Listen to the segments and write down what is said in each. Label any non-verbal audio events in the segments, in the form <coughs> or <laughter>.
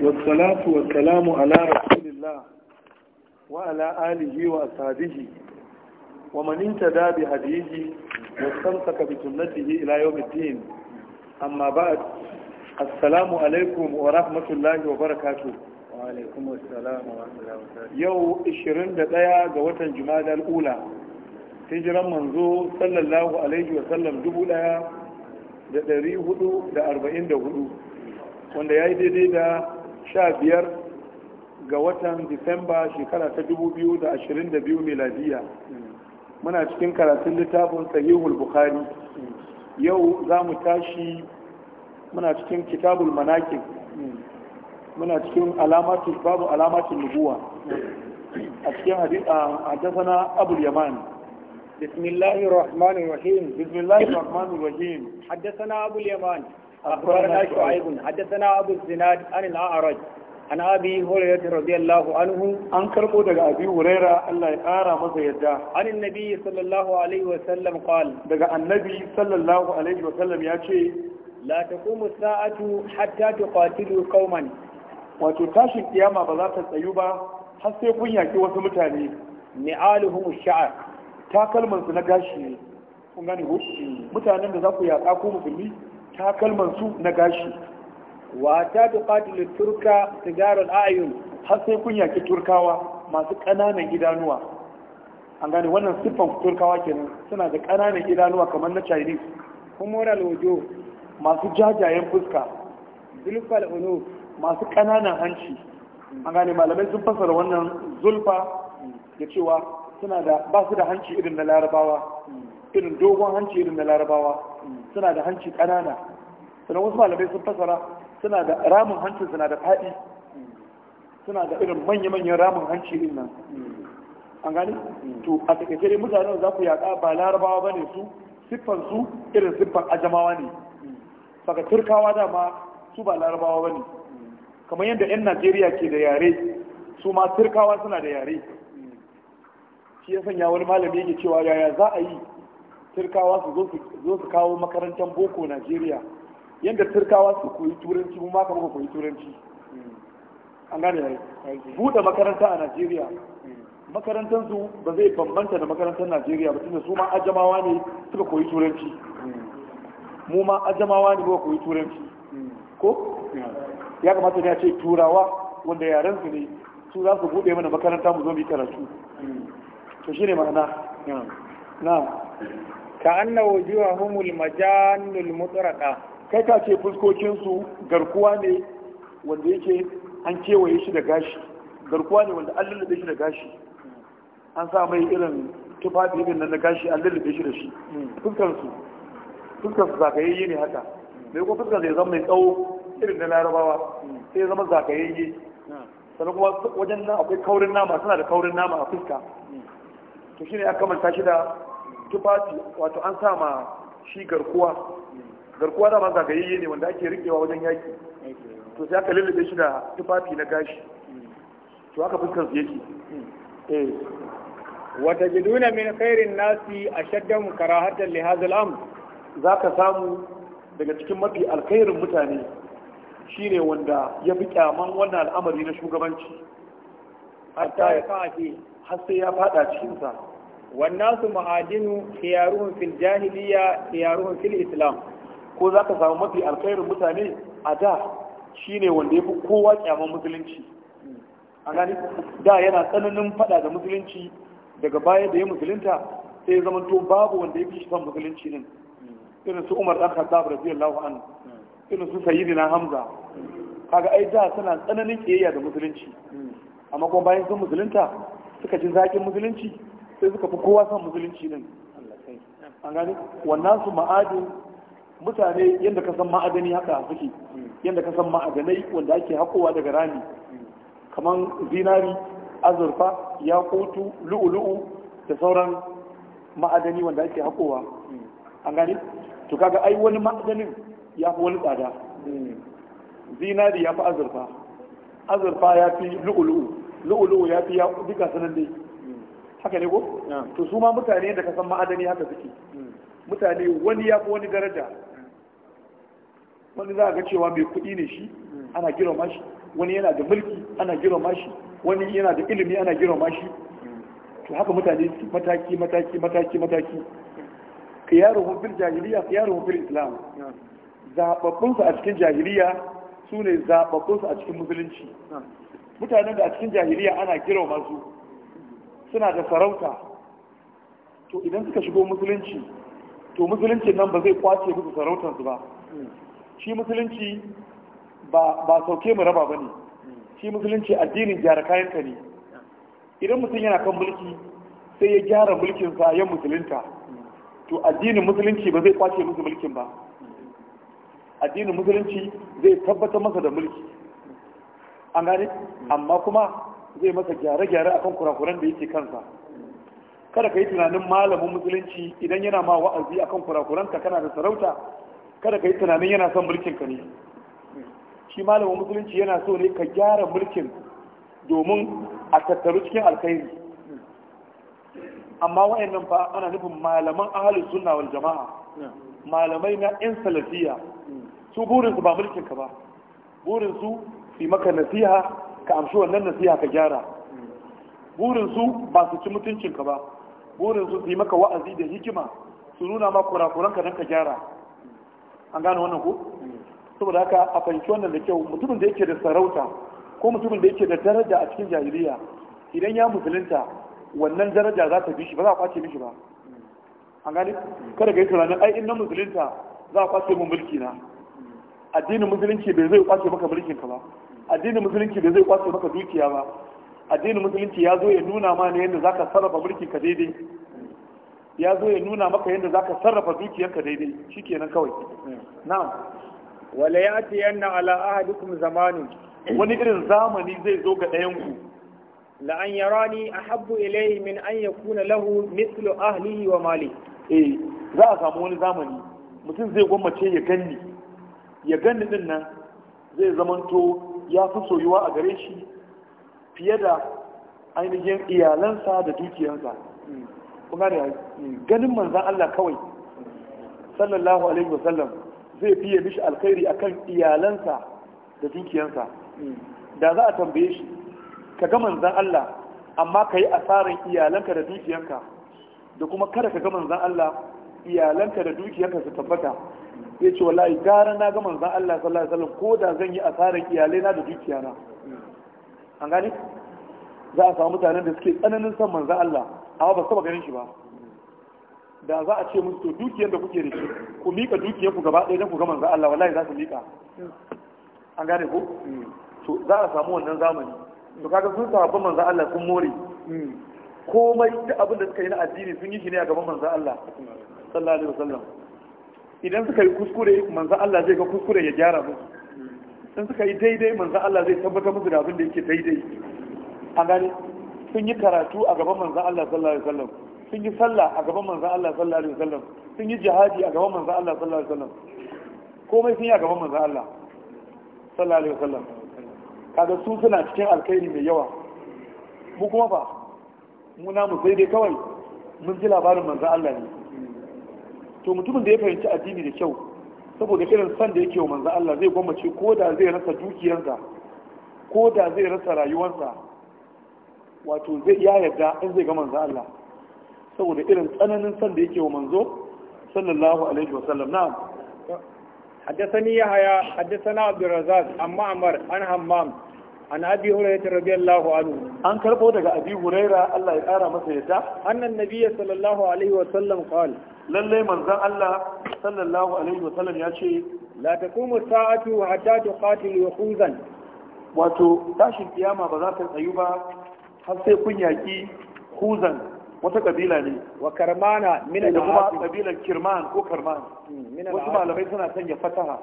wasalatu wasalamu ala rasulillah wa ala alihi wa ashabihi wa man intada bi hadihi wa samtaka bi sunnatihi ila yawm ad-din amma ba'd assalamu alaikum wa rahmatullahi wa barakatuh wa alaikum assalam wa rahmatullahi yau 21 ga watan jumada al-ula hijran manzo sallallahu alaihi wa da 1444 wanda ya yi daidai da sha biyar ga watan disamba shekara ta dubu biyu da ashirin da biyu meladiya muna cikin karatun littafin sahihul bukhari yau za mu tashi muna cikin kitabul manakin muna cikin alamatul babu alamatul nubuwa a cikin hadisana abul yaman بسم الله الرحمن الرحيم بسم الله الرحمن الرحيم حدثنا أبو اليمان أخبرنا شعيب حدثنا أبو الزناد عن الأعرج عن أبي هريرة رضي الله عنه عن كربو أبي هريرة الله يقارى مزيدا عن النبي صلى الله عليه وسلم قال دقى النبي صلى الله عليه وسلم يأتي لا تقوم الساعة حتى تقاتلوا قوما وتتاشي القيامة بذات السيوبة حتى يكون يأتي وسمتاني نعالهم الشعر takalmansu na gashi ne kun gane ko mutanen da za ku yaƙa ko musulmi su na gashi wa ta tuqatil turka sigarul ayun har sai kun yaki turkawa masu ƙananan idanuwa an gane wannan siffan turkawa kenan suna da ƙananan idanuwa kamar na chinese humoral wujo masu jajayen fuska zulfal ulu masu ƙananan hanci an gane malamai sun fasara wannan zulfa da cewa suna da ba su da hanci irin na larabawa irin dogon hanci irin na larabawa suna da hanci ƙanana sannan wasu malamai sun fasara suna da ramin hanci suna da faɗi suna da irin manya-manyan ramin hanci irin nan an gani to a takaice dai mutanen za ku yaƙa ba larabawa ba ne su siffan su irin siffan ajamawa ne saka turkawa dama su ba larabawa ba ne kamar yadda 'yan najeriya ke da yare su ma turkawa suna da yare shi ya sanya wani malami yake cewa yaya za a yi turkawa su zo su kawo makarantar boko najeriya yadda turkawa su koyi turanci mu maka muka koyi turanci an gane yayi buɗe makaranta a najeriya makarantar su ba zai bambanta da makarantar najeriya ba tunda su ma ajamawa ne suka koyi turanci mu ma ajamawa ne muka koyi turanci ko ya kamata ne a ce turawa wanda yaren su ne su za su buɗe mana makaranta mu zo mu yi karatu to shine ma'ana na'am ka anna humul majanul mutaraka kai ka ce fuskokin su garkuwa ne wanda yake an kewaye shi da gashi garkuwa ne wanda an lullube shi da gashi an sa mai irin tufafi irin nan da gashi an lullube shi da shi fuskar su fuskar su zakayayye ne haka mai kuma fuskar zai zama mai tsawo irin na larabawa sai ya zama zakayayye sannan kuma wajen nan akwai kaurin nama suna da kaurin nama a fuska to shine aka manta shi da tufafi wato an sa ma shi garkuwa garkuwa da ma zagayayye ne wanda ake rikewa wajen yaki to sai aka lullube shi da tufafi na gashi to haka fuskar su yake eh. wata jiduna min khairin nasi shaddan karahatan li hadha am Za ka samu daga cikin mafi alkhairin mutane shine wanda ya fi kyaman wannan al'amari na shugabanci hatta ya har sai ya fada cikinsa والناس معادن خيارهم في الجاهلية خيارهم في الإسلام ko za ka samu mafi alkhairin mutane a da shi مسلنشي wanda ya fi kowa kyaman musulunci a دا da yana tsananin سي da musulunci daga baya da ya musulunta sai zama babu wanda ya fi shi son musulunci din hamza kaga ai da suna tsananin kiyayya da musulunci amma kuma bayan sun musulunta suka ji zakin musulunci sai suka fi kowa son musulunci din an gani? wannan su ma'adin mutane yadda ka san ma'adani haka suke yadda ka san ma'adanai wanda ake haƙowa daga rami kamar zinari azurfa yakutu lu'ulu'u da sauran ma'adani wanda ake haƙowa an gani? to kaga ai wani ma'adanin ya fi wani tsada zinari ya fi azurfa azurfa ya fi lu'ulu'u lu'ulu'u ya fi ya duka sanan dai haka ne ko to su ma mutane da kasan ma'adani haka suke hmm. mutane wani ya fi wani daraja wani za a ga cewa mai kuɗi ne shi hmm. ana girma shi wani yana da mulki ana girma shi wani yana da ilimi ana girma shi hmm. to haka mutane mataki mataki mataki mataki Ka yaro mafi jahiliya ka yaro mafi islam zababbun su a cikin jahiliya su ne su a cikin musulunci mutanen da a cikin jahiliya ana girma su suna da sarauta to idan suka shigo musulunci to musulunci nan ba zai kwace musu sarautarsu ba shi musulunci ba sauke mu raba ba ne shi musulunci addinin gyara ka ne idan mutum yana kan mulki sai ya gyara mulkinsa ya musulunta to addinin musulunci ba zai kwace musu mulkin ba addinin musulunci zai tabbatar masa da mulki an gane amma kuma zai masa gyare-gyare akan kurakuran da yake kansa kada ka yi tunanin malamin musulunci idan yana ma wa'azi akan kurakuran ka kana da sarauta kada ka yi tunanin yana son mulkin ka ne shi malamin musulunci yana so ne ka gyara mulkin domin a tattaru cikin alkhairi amma wa'annan fa ana nufin malaman ahalin sunna wal jama'a malamai na yan salafiya su burinsu ba mulkin ka ba burinsu su maka nasiha ka amshi wannan nasiha ka gyara burin su ba su ci mutuncinka ba burin su su yi maka wa'azi da hikima su nuna ma kurakuran ka nan ka gyara an gane wannan ko saboda haka a fahimci wannan da kyau mutumin da yake da sarauta ko mutumin da yake da daraja a cikin jahiliya idan ya musulunta wannan daraja za ta bi shi ba za a kwace mishi ba an gane kada ka yi tunanin ai in na musulunta za a kwace mu mulki na addinin musulunci bai zai kwace maka mulkin ka ba addinin musulunci da zai kwace maka dukiya ba addinin musulunci ya zo ya nuna ma ne yadda zaka sarrafa mulki ka daidai ya zo ya nuna maka yadda zaka sarrafa dukiyarka daidai shikenan kawai na'am wala yati yanna ala ahadikum zamanu wani irin zamani zai zo ga ɗayan ku la an yarani ahabbu ilayhi min an yakuna lahu mithlu ahlihi wa mali eh za a samu wani zamani mutum zai gwammace ya ganni ya ganni din nan zai zamanto ya fi soyuwa a gare shi fiye da ainihin iyalansa da dukiyansa kuma da ganin manzan Allah kawai sallallahu alaihi wasallam zai fiye mishi alkhairi akan iyalansa da dukiyansa da za a tambaye shi ka ga manzan Allah amma ka yi asarin iyalanka da dukiyanka da kuma kada ka ga manzan Allah iyalanka da dukiyanka su tabbata ya ce wallahi gara na ga manzan Allah sallallahu alaihi wasallam ko da zan yi asarar iyalai na da dukiya na an gani za a samu mutanen da suke tsananin son manzan Allah amma ba su taba ganin shi ba da za a ce musu to dukiyar da kuke da shi ku mika dukiyar ku gaba ɗaya don ku ga manzan Allah wallahi za su mika an gane ko to za a samu wannan zamani to kaga sun sahabban manzan Allah sun more komai duk abin da suka yi na addini sun yi shi ne a gaban manzan Allah sallallahu alaihi wasallam idan suka yi kuskure manzan Allah zai ga kuskure ya gyara musu in suka yi daidai manzan Allah zai tabbatar musu da abin da yake daidai a gani sun yi karatu a gaban manzan Allah sallallahu alaihi wasallam sun yi sallah a gaban manzan Allah sallallahu alaihi wasallam sun yi jihadi a gaban manzan Allah sallallahu alaihi wasallam komai sun yi a gaban manzan Allah sallallahu alaihi wasallam kaga su suna cikin alkhairi mai yawa mu kuma ba, muna mu sai dai kawai mun ji labarin manzan Allah ne to mutumin da ya fahimci addini da kyau saboda irin san da yake wa manzo Allah zai gwammace ko da zai rasa dukiyarsa ko da zai rasa rayuwarsa wato zai ya yarda in zai ga manzo Allah saboda irin tsananin san da yake wa manzo sallallahu alaihi wa sallam na'am حدثني يحيى حدثنا عبد الرزاق عن معمر عن همام عن ابي هريره رضي الله عنه an karbo daga abi huraira Allah ya kara masa yadda annan nabi sallallahu alaihi wa sallam qala lallai manzan Allah sallallahu alaihi wa sallam ya ce la taqumu sa'atu hatta tuqatil yakhuzan wato tashin kiyama ba za ta tsayu ba har sai kun yaki khuzan wata kabila ne wa karmana min da kuma kabilan kirman ko karman hmm, wasu malamai suna sanya fataha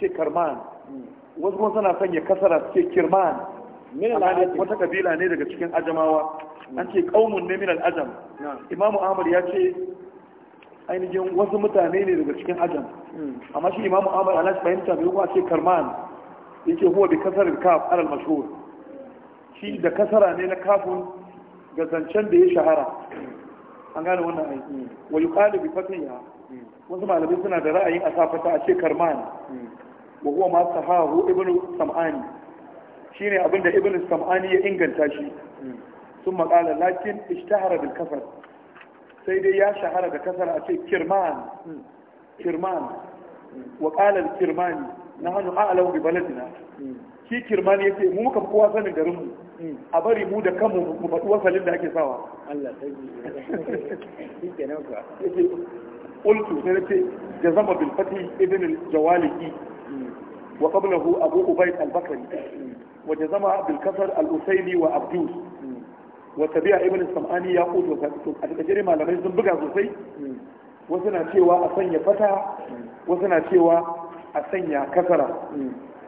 ce karman hmm. wasu kuma suna sanya kasara suke kirman min wata kabila ne daga cikin ajamawa an ce hmm. qaumun ne min al-ajam imamu ahmad ya ce ainihin wasu mutane ne daga cikin ajam amma shi imamu ahmad ana shi fahimta bai kuma ce karman yake huwa bi kasar kaf alal mashhur shi da kasara ne na kafin ga zancen da ya shahara an gane wannan aiki wa yuqalu bi wasu malamai suna da ra'ayin asafata a ce karman wa huwa ma sahahu Ibn sam'ani ne abinda Ibn sam'ani ya inganta shi sun maƙala lakin ishtahara bil kasar سيدي يا شهرة كثرة في كرمان كرمان وقال الكرماني نحن أعلم ببلدنا في كرمان يتي مو كم قوافا من درمه أبري مو دكم مبتوافا لنا كثاوة الله تجي قلت سيدي جزم بالفتح ابن الجوالي وقبله أبو أبيت البكري وجزم بالكثر الأسيلي وأبدوس wata biya ibn sam'ani ya kudu wata fito a takajere malamai sun buga sosai wasu na cewa a sanya fata wasu na cewa a sanya kasara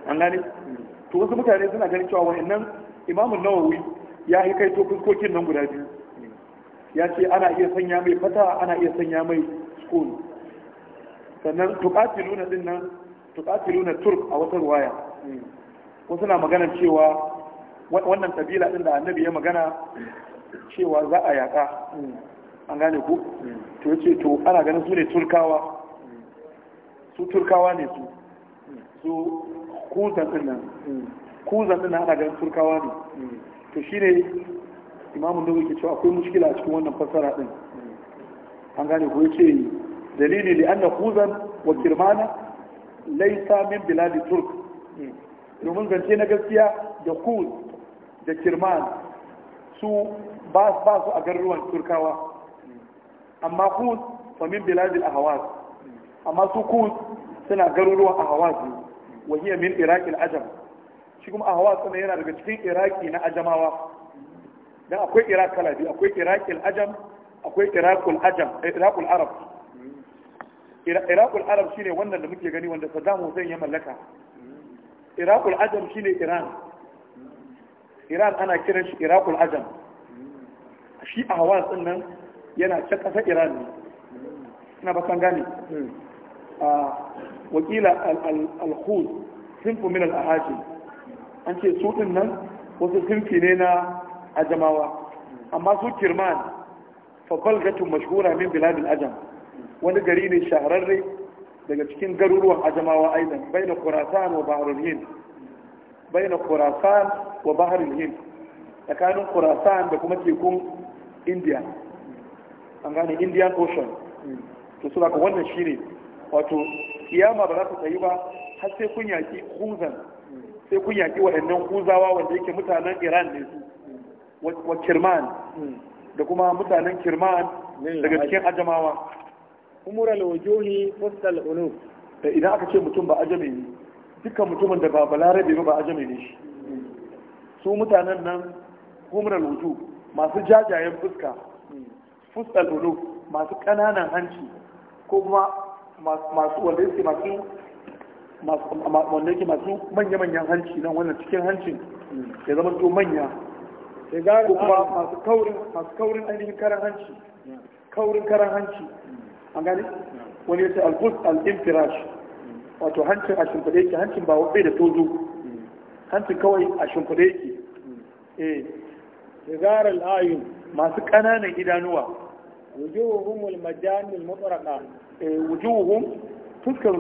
an gane to wasu mutane suna ganin cewa wa'annan imamun nawawi ya yi kai to fuskokin nan guda biyu ya ce ana iya sanya mai fata ana iya sanya mai skul sannan tukatiluna din nan tukatiluna turk a wata ruwaya wasu na magana cewa wannan kabila din da annabi ya magana cewa za a yaƙa an gane ku to yace to ana ganin su ne turkawa su turkawa ne su su kuzan din nan kuzan din ana ganin turkawa ne to shine imamun da yake cewa akwai mushkila a cikin wannan fassara din an gane ku yace dalili li anna kuzan wa kirmana laysa min biladi turk domin zance na gaskiya da kuz da kirman su ba su a garuruwan turkawa amma kun famin biladil ahawaz amma su kun suna garuruwan ahawaz ne wahiyar min iraqil ajam shi kuma ahawaz suna yana daga cikin iraki na ajamawa dan akwai iraq kala biyu akwai iraqil ajam akwai iraqul ajam eh, iraqul arab iraqul arab shine wannan da muke gani wanda saddam hussein ya mallaka iraqul ajam shine iran iran ana kiran shi irakul ajam shi a hawa din nan yana can ƙasar iran ne ina gane hmm. a wakila al-khuz sinfu min al-ahajim an ce su din nan wasu sinfi ne na ajamawa amma su kirman fa balgatun mashhura min biladil ajam wani gari ne shahararre daga cikin garuruwan ajamawa aidan bai da kurasa wa baharul hind Bayan khurasan wa bahar hind tsakanin khurasan da kuma tekun india an gane indian ocean to su ka wannan shine wato kiyama ba za ta tsayi ba har sai kun yaki huzan sai kun yaki waɗannan huzawa wanda yake mutanen iran ne su wa kirman da kuma mutanen kirman daga cikin ajamawa umura lawajohi fuskal ulu idan aka ce mutum ba ajami dukkan mutumin da ba balarabe ba ba ajami ne shi su mutanen nan humral wuju masu jajayen fuska fuskar ulu masu kananan hanci ko kuma masu wanda yake masu wanda yake masu manya-manyan hanci nan wannan cikin hancin ya zama to manya ko kuma masu kaurin masu kaurin ainihin karan hanci kaurin karan hanci an gani wani yace al-bus al-infirash wato hancin a shimfiɗe yake hancin ba bai da tozo hancin kawai a shimfiɗe yake eh zarar al'ayun masu ƙananan idanuwa wujuhum al-majan al-mutraqa eh wujuhum fuskar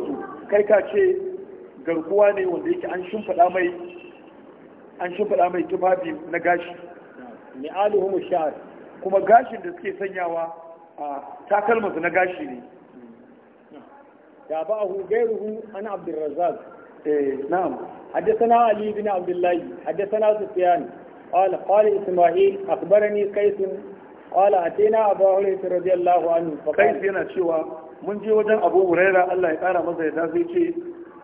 kai ka ce garkuwa ne wanda yake an shimfiɗa mai an shimfiɗa mai tufafi na gashi mi'aluhum sha'r kuma gashin da suke sanyawa a takalmasu na gashi ne تابعه غيره عن عبد الرزاق إيه نعم حدثنا علي بن عبد الله حدثنا سفيان قال قال إسماعيل أخبرني قيس قال أتينا أبا هريرة رضي الله عنه فقال قيس هنا شوى من جي وجن أبو هريرة الله يقال مزا يتازي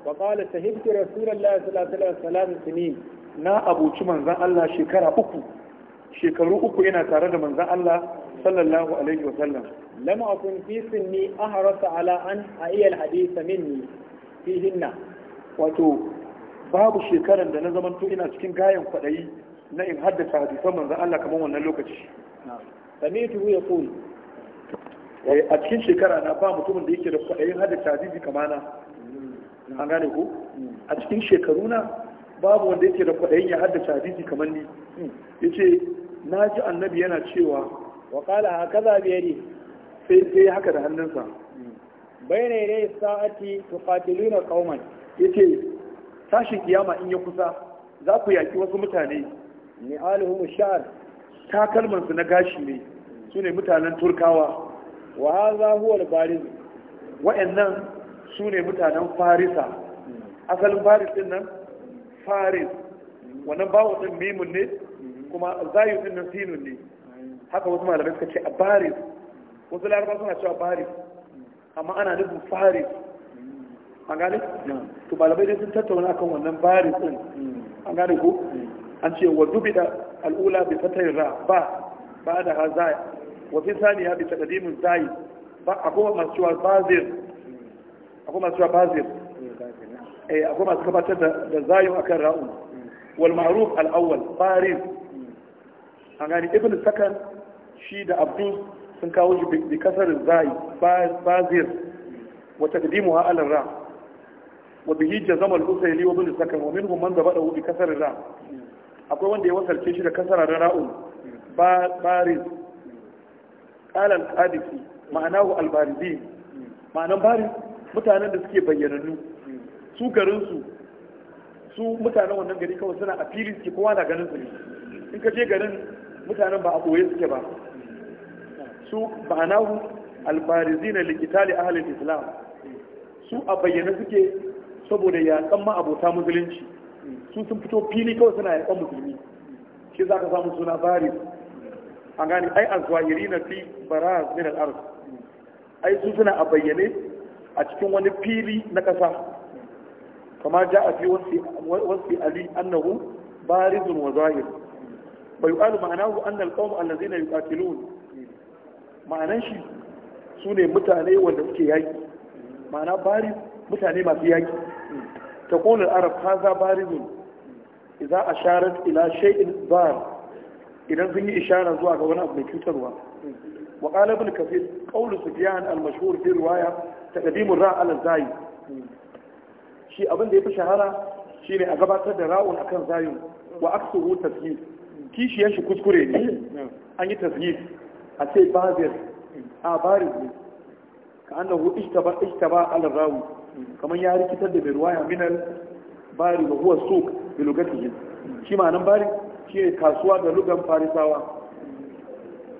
فقال شهدت رسول الله صلى الله عليه وسلم سنين na abuci manzan Allah shekara uku shekaru uku yana tare da manzan Allah sallallahu alaihi wa sallam Lama a akun fi a ahrasa ala an aiyal hadisa minni fihinna wato babu shekaran da na zamanto ina cikin gayan kwadayi na in haddasa hadisan manzon Allah kamar wannan lokaci sami'tu ya yaqul eh, a cikin shekara na ba mutumin da yake da kwaɗayin hada tazizi kamana mm-hmm. an gane ku mm-hmm. a cikin shekaru na babu wanda yake da kwaɗayin ya hada tazizi kamar ni mm-hmm. ya ce na ji annabi yana cewa wa qala hakaza bi yadi sai sai haka da hannunsa bayna yaday sa'ati tuqatiluna qauman yace tashin kiyama in ya kusa za ku yaki wasu mutane ni'aluhum sha'r takalman su na gashi ne sune mutanen turkawa wa hadha huwa al-bariz wa'annan sune mutanen farisa asalin faris din nan faris wannan bawo din mimun ne kuma zayu din nan sinun ne haka wasu malamai suka ce a baris wasu laraba suna cewa baris amma ana nufin faris an gane to malamai dai sun tattauna kan wannan baris din an gane ko hmm. an ce wa dubi da al'ula bi fatayin ra ba ba da ha zai wa fi saniya bi takadimin zai ba akwai masu cewa bazir akwai masu cewa bazir hmm. eh akwai masu gabatar da zayin akan ra'un hmm. wal ma'ruf al awwal baris an gane ibn sakan shi da abdu sun kawo shi bi kasar zai bazir wa taqdimu ha ala ra wa bihi jazama al-usayli wa bil sakan wa minhum man zabada bi kasar ra akwai wanda ya wasalce shi da kasara da ba bariz qala al-hadisi ma'anahu al-barizin ma'anan bariz mutanen da suke bayyanannu su garin su su mutanen wannan gari kawai suna a fili suke kowa na ganin su ne in ka je garin mutanen ba a boye suke ba su banahu na likitali ahalin islam su a bayyana suke saboda ya ma ma'abota musulunci su sun fito fili kawai suna yaƙan musulmi shi za ka samu suna baris an gane ai azwahiri na fi baraz min al-ard ai su suna a bayyane a cikin wani fili na ƙasa kama ja a fi wasi ali annahu barizun wa zahir bai yu'alu ma'anahu annal qawm allazina yuqatiluna ma'anan shi su ne mutane wanda suke yaƙi ma'ana bari mutane masu yaƙi ta ƙonar arab bari barizun za a sharar ila sha'in bar idan sun yi ishara zuwa ga wani abu mai cutarwa wa qalibul kafir qawlu sufyan al-mashhur fi riwaya taqdim ra ala zayi shi abin da fi shahara shi ne a gabatar da ra'un kan zayin wa aksuhu tashyif kishiyar shi kuskure ne an yi tashyif a ce babir a bari ne ka annahu ishtaba ishtaba ala rawi kamar ya rikitar da mai ruwaya minal bari wa huwa suq bi lugatihim shi ma nan bari shi ne kasuwa da lugan farisawa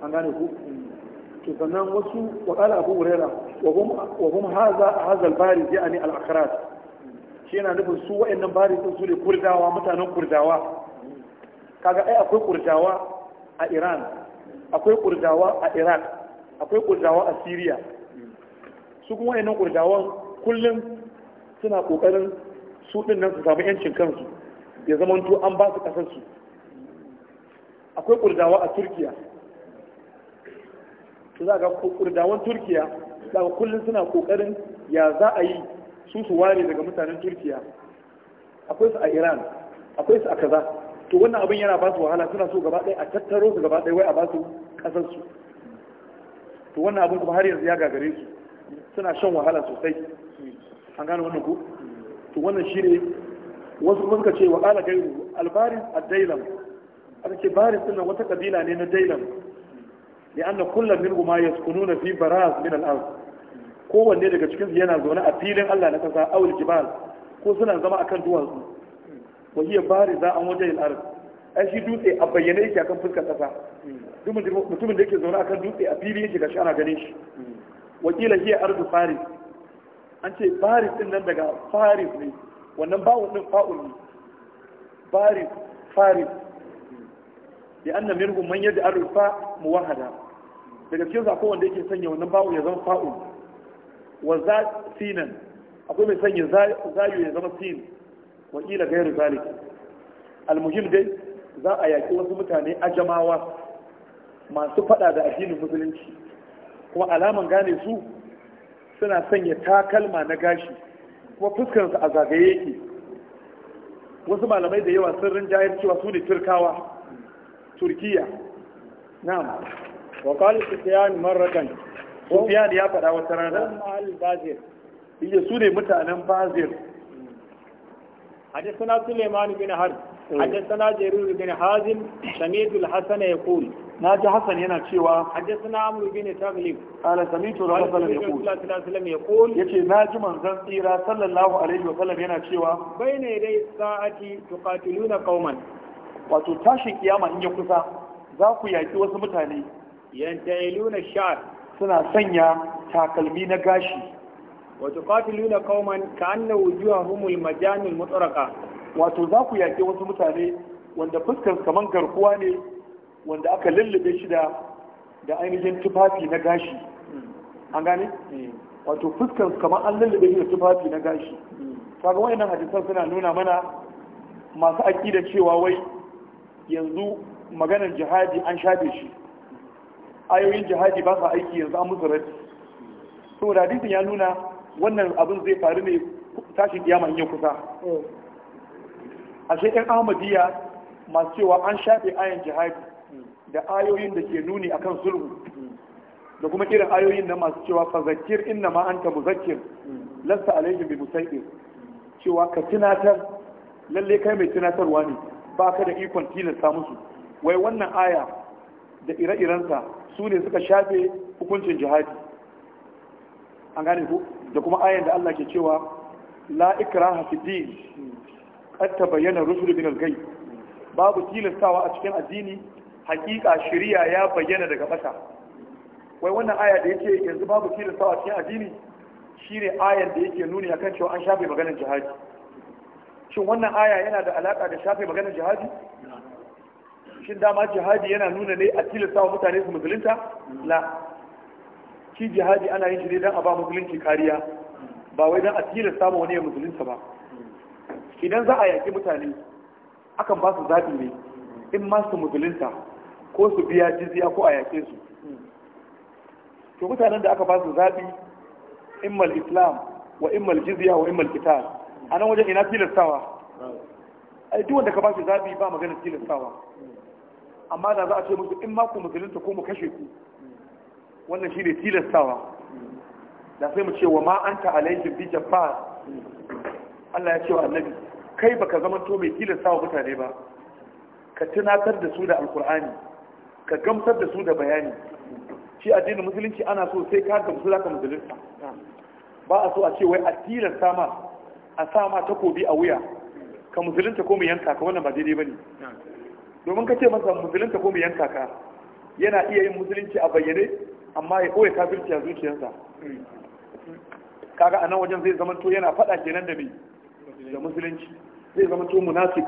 an gane ku to sannan wasu wa qala abu huraira wa hum wa hum hadha hadha al bari yani al akharat shi yana nufin su wa'annan bari sun su ne kurdawa mutanen kurdawa kaga ai akwai kurdawa a Iran akwai kurdawa a iraq akwai kurdawa a syria su kuma wayannan kurdawan kullum suna kokarin su ɗin nan su samu yancin kansu ya zama to an ba su kasar akwai kurdawa a turkiya su za ga kurdawan turkiya za ga kullum suna kokarin ya za a yi su su ware daga mutanen turkiya akwai su a iran akwai su a kaza to wannan abin yana ba su wahala suna so gaba ɗaya a tattaro su gaba ɗaya wai a ba su ƙasarsu. to wannan abin kuma har yanzu ya gagare su suna shan wahala sosai an gane wannan ku to wannan shi ne wasu kuma suka ce wa ƙala gairu albaris a dailam aka ce baris ɗin wata ƙabila ne na dailam da an na kullum min kuma ya na fi baraz min al'ar kowanne daga cikinsu yana zaune a filin allah na kasa, awul jibal ko suna zama akan duwatsu wa hiya bariza an wajen yin arz ai shi dutse a bayyane yake akan fuskar kasa mutumin da yake zaune akan dutse a fili yake gashi ana ganin shi wakila hiya ardu faris an ce faris din nan daga faris ne wannan bawun din fa'ul ne faris faris bi anna minhum man yad al-fa muwahada daga cikin su akwai wanda yake sanya wannan bawun ya zama fa'ul wa za sinan akwai mai sanya za ya zama sin wakila gairu zalik almuhim dai za a yaƙi wasu mutane ajamawa masu faɗa da addinin musulunci kuma alaman gane su suna sanya takalma na gashi kuma fuskarsu a zagaye yake wasu malamai da yawa sun rinjayar cewa su ne turkawa turkiya na'am wa qala sufyan marratan sufyan ya faɗa wata rana su ne mutanen bazir حدثنا سليمان بن حرب حدثنا جرير بن حازم سميد الحسن يقول ناجي حسن هنا تشيوا حدثنا عمرو بن تغلب قال سميت رسول الله صلى الله عليه وسلم يقول يجي ناجي من زنطيرا صلى الله عليه وسلم هنا تشيوا بين يدي الساعة تقاتلون قوما وتتاشي tashin إن يقصى ذاكو يأتي وسمتاني ينتعلون الشعر سنة سنة تاكل shar suna wato qatiluna qauman ka'anna wujuhahumul majanil mutraqa wato za ku yaƙi wasu mutane wanda fuskar kaman garkuwa ne wanda aka lullube shi da da ainihin tufafi na gashi an gane wato fuskar kaman an lullube shi da tufafi na gashi kaga wayannan hadisan suna nuna mana masu aqida cewa wai yanzu maganar jihadi an shafe shi ayoyin jihadi ba sa aiki yanzu an musu rati saboda hadisin ya nuna wannan abin zai faru ne tashin kiyama in ya kusa ashe 'yan ahmadiyya masu cewa an shafe ayan jihadi da ayoyin da ke nuni akan sulhu da kuma irin ayoyin na masu cewa fa zakir inna ma anta muzakkir lasta alaihim bi musaidir cewa ka tunatar lalle kai mai tunatarwa ne ba ka da ikon tilasta musu wai wannan aya da ire-irensa su ne suka shafe hukuncin jihadi an gane ku da kuma ayan da Allah ke cewa la ikraha fi din qad tabayyana rusul min al-ghay babu tilastawa a cikin addini hakika shari'a ya bayyana daga fasa wai wannan aya da yake yanzu babu tilastawa a cikin addini shine ayan da yake nuni akan cewa an shafe maganar jihadi shin wannan aya yana da alaka da shafe maganar jihadi shin dama jihadi yana nuna ne a tilastawa mutane su musulunta la shi jihadi ana yin shi ne don a ba musulunci kariya ba wai don a tilasta samun wani ya musulunta ba idan za a yaƙi mutane akan ba su zaɓi ne in ma su musulunta ko su biya jizya ko a yaƙe su to mutanen da aka ba su zaɓi mal islam wa mal jizya wa mal kitab a nan wajen ina tilastawa ai duk wanda ka ba su zaɓi ba magana tilastawa amma da za a ce musu in ma ku musulunta ko mu kashe ku wannan shi ne tilastawa da sai mu ce wa ma anta alaihim bi jabbar Allah ya ce wa annabi kai baka zama to mai tilastawa mutane ba ka tunatar da su da alkur'ani ka gamsar da su da bayani shi addinin musulunci ana so sai ka musulunci zaka musulunta ba a so a ce wai a tilasta ma a sa ma takobi a wuya ka musulunta ko mu yanka ka wannan ba daidai bane domin ka ce masa musulunta ko mu yanka ka yana iya yin musulunci a bayyane amma ya koya kafirci a zuciyarsa kaga a nan wajen zai to yana faɗa kenan da mai da musulunci zai to munafik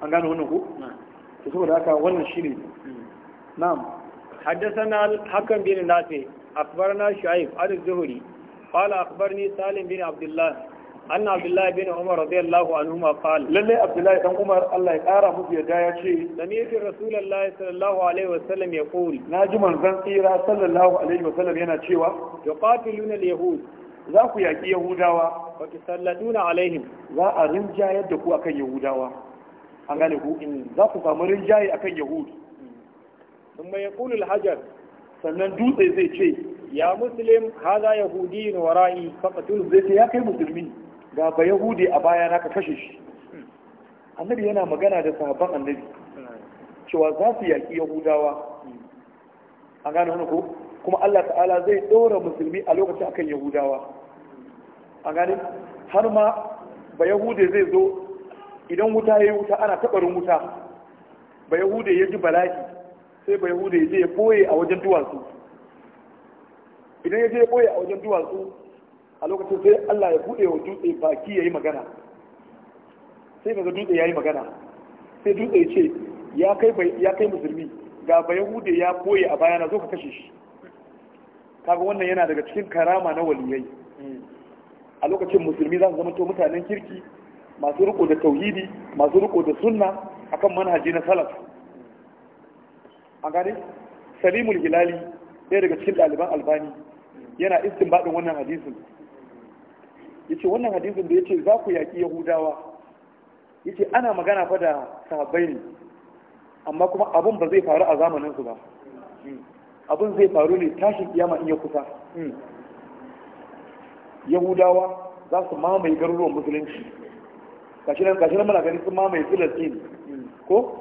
an gane wannan ko to saboda haka wannan shine hmm. na'am حدثنا الحكم بن نافع أخبرنا شعيب عن الزهري قال أخبرني سالم بن عبد الله anna abdullahi bin umar radiyallahu anhuma qal lalle abdullahi dan umar Allah ya kara musu ya ga ya ce sami'tu rasulullahi sallallahu alaihi wasallam yaqul naji manzon tsira sallallahu alaihi wasallam yana cewa yuqatiluna alyahud za ku yaki yahudawa wa tusalladuna alaihim za a rinjayar da ku akan yahudawa an gane ku in mm. za ku samu rinjaye akan yahud mm. thumma yaqulu alhajar sannan dutse zai ce ya muslim hada yahudi wara'i faqatul zai ya kai musulmi ga ba yahudi a baya na ka kashe shi annabi yana magana da sahabban annabi cewa za su yaƙi yahudawa A gane wani ko kuma allah ta'ala zai ɗora musulmi a lokacin akan yahudawa A gane har ma ba yahude zai zo idan wuta ya yi wuta ana taɓarin wuta ba yahude ya ji bala'i sai ba yahude ya je ya koye a wajen duwatsu idan ya je ya koye a wajen duwatsu a lokacin sai Allah ya buɗe wa dutse baki ya yi magana sai ga dutse ya yi magana sai dutse ya ce ya kai musulmi ga bayan hude ya koye a baya na zo ka kashe shi kaga wannan yana daga cikin karama na waliyai a lokacin musulmi za su zama to mutanen kirki masu riko da tauhidi masu riko da sunna akan manhaji na salaf a gane salimul hilali ɗaya daga cikin ɗaliban albani yana baɗin wannan hadisin yace wannan hadisin da yace za ku yaki yahudawa yace ana magana fa da sahabbai ne amma kuma abun ba zai faru a zamanin su ba abun zai faru ne tashin kiyama in ya kusa yahudawa za su mamaye garuruwan musulunci gashi nan gashi nan muna ganin sun mamaye filistin ko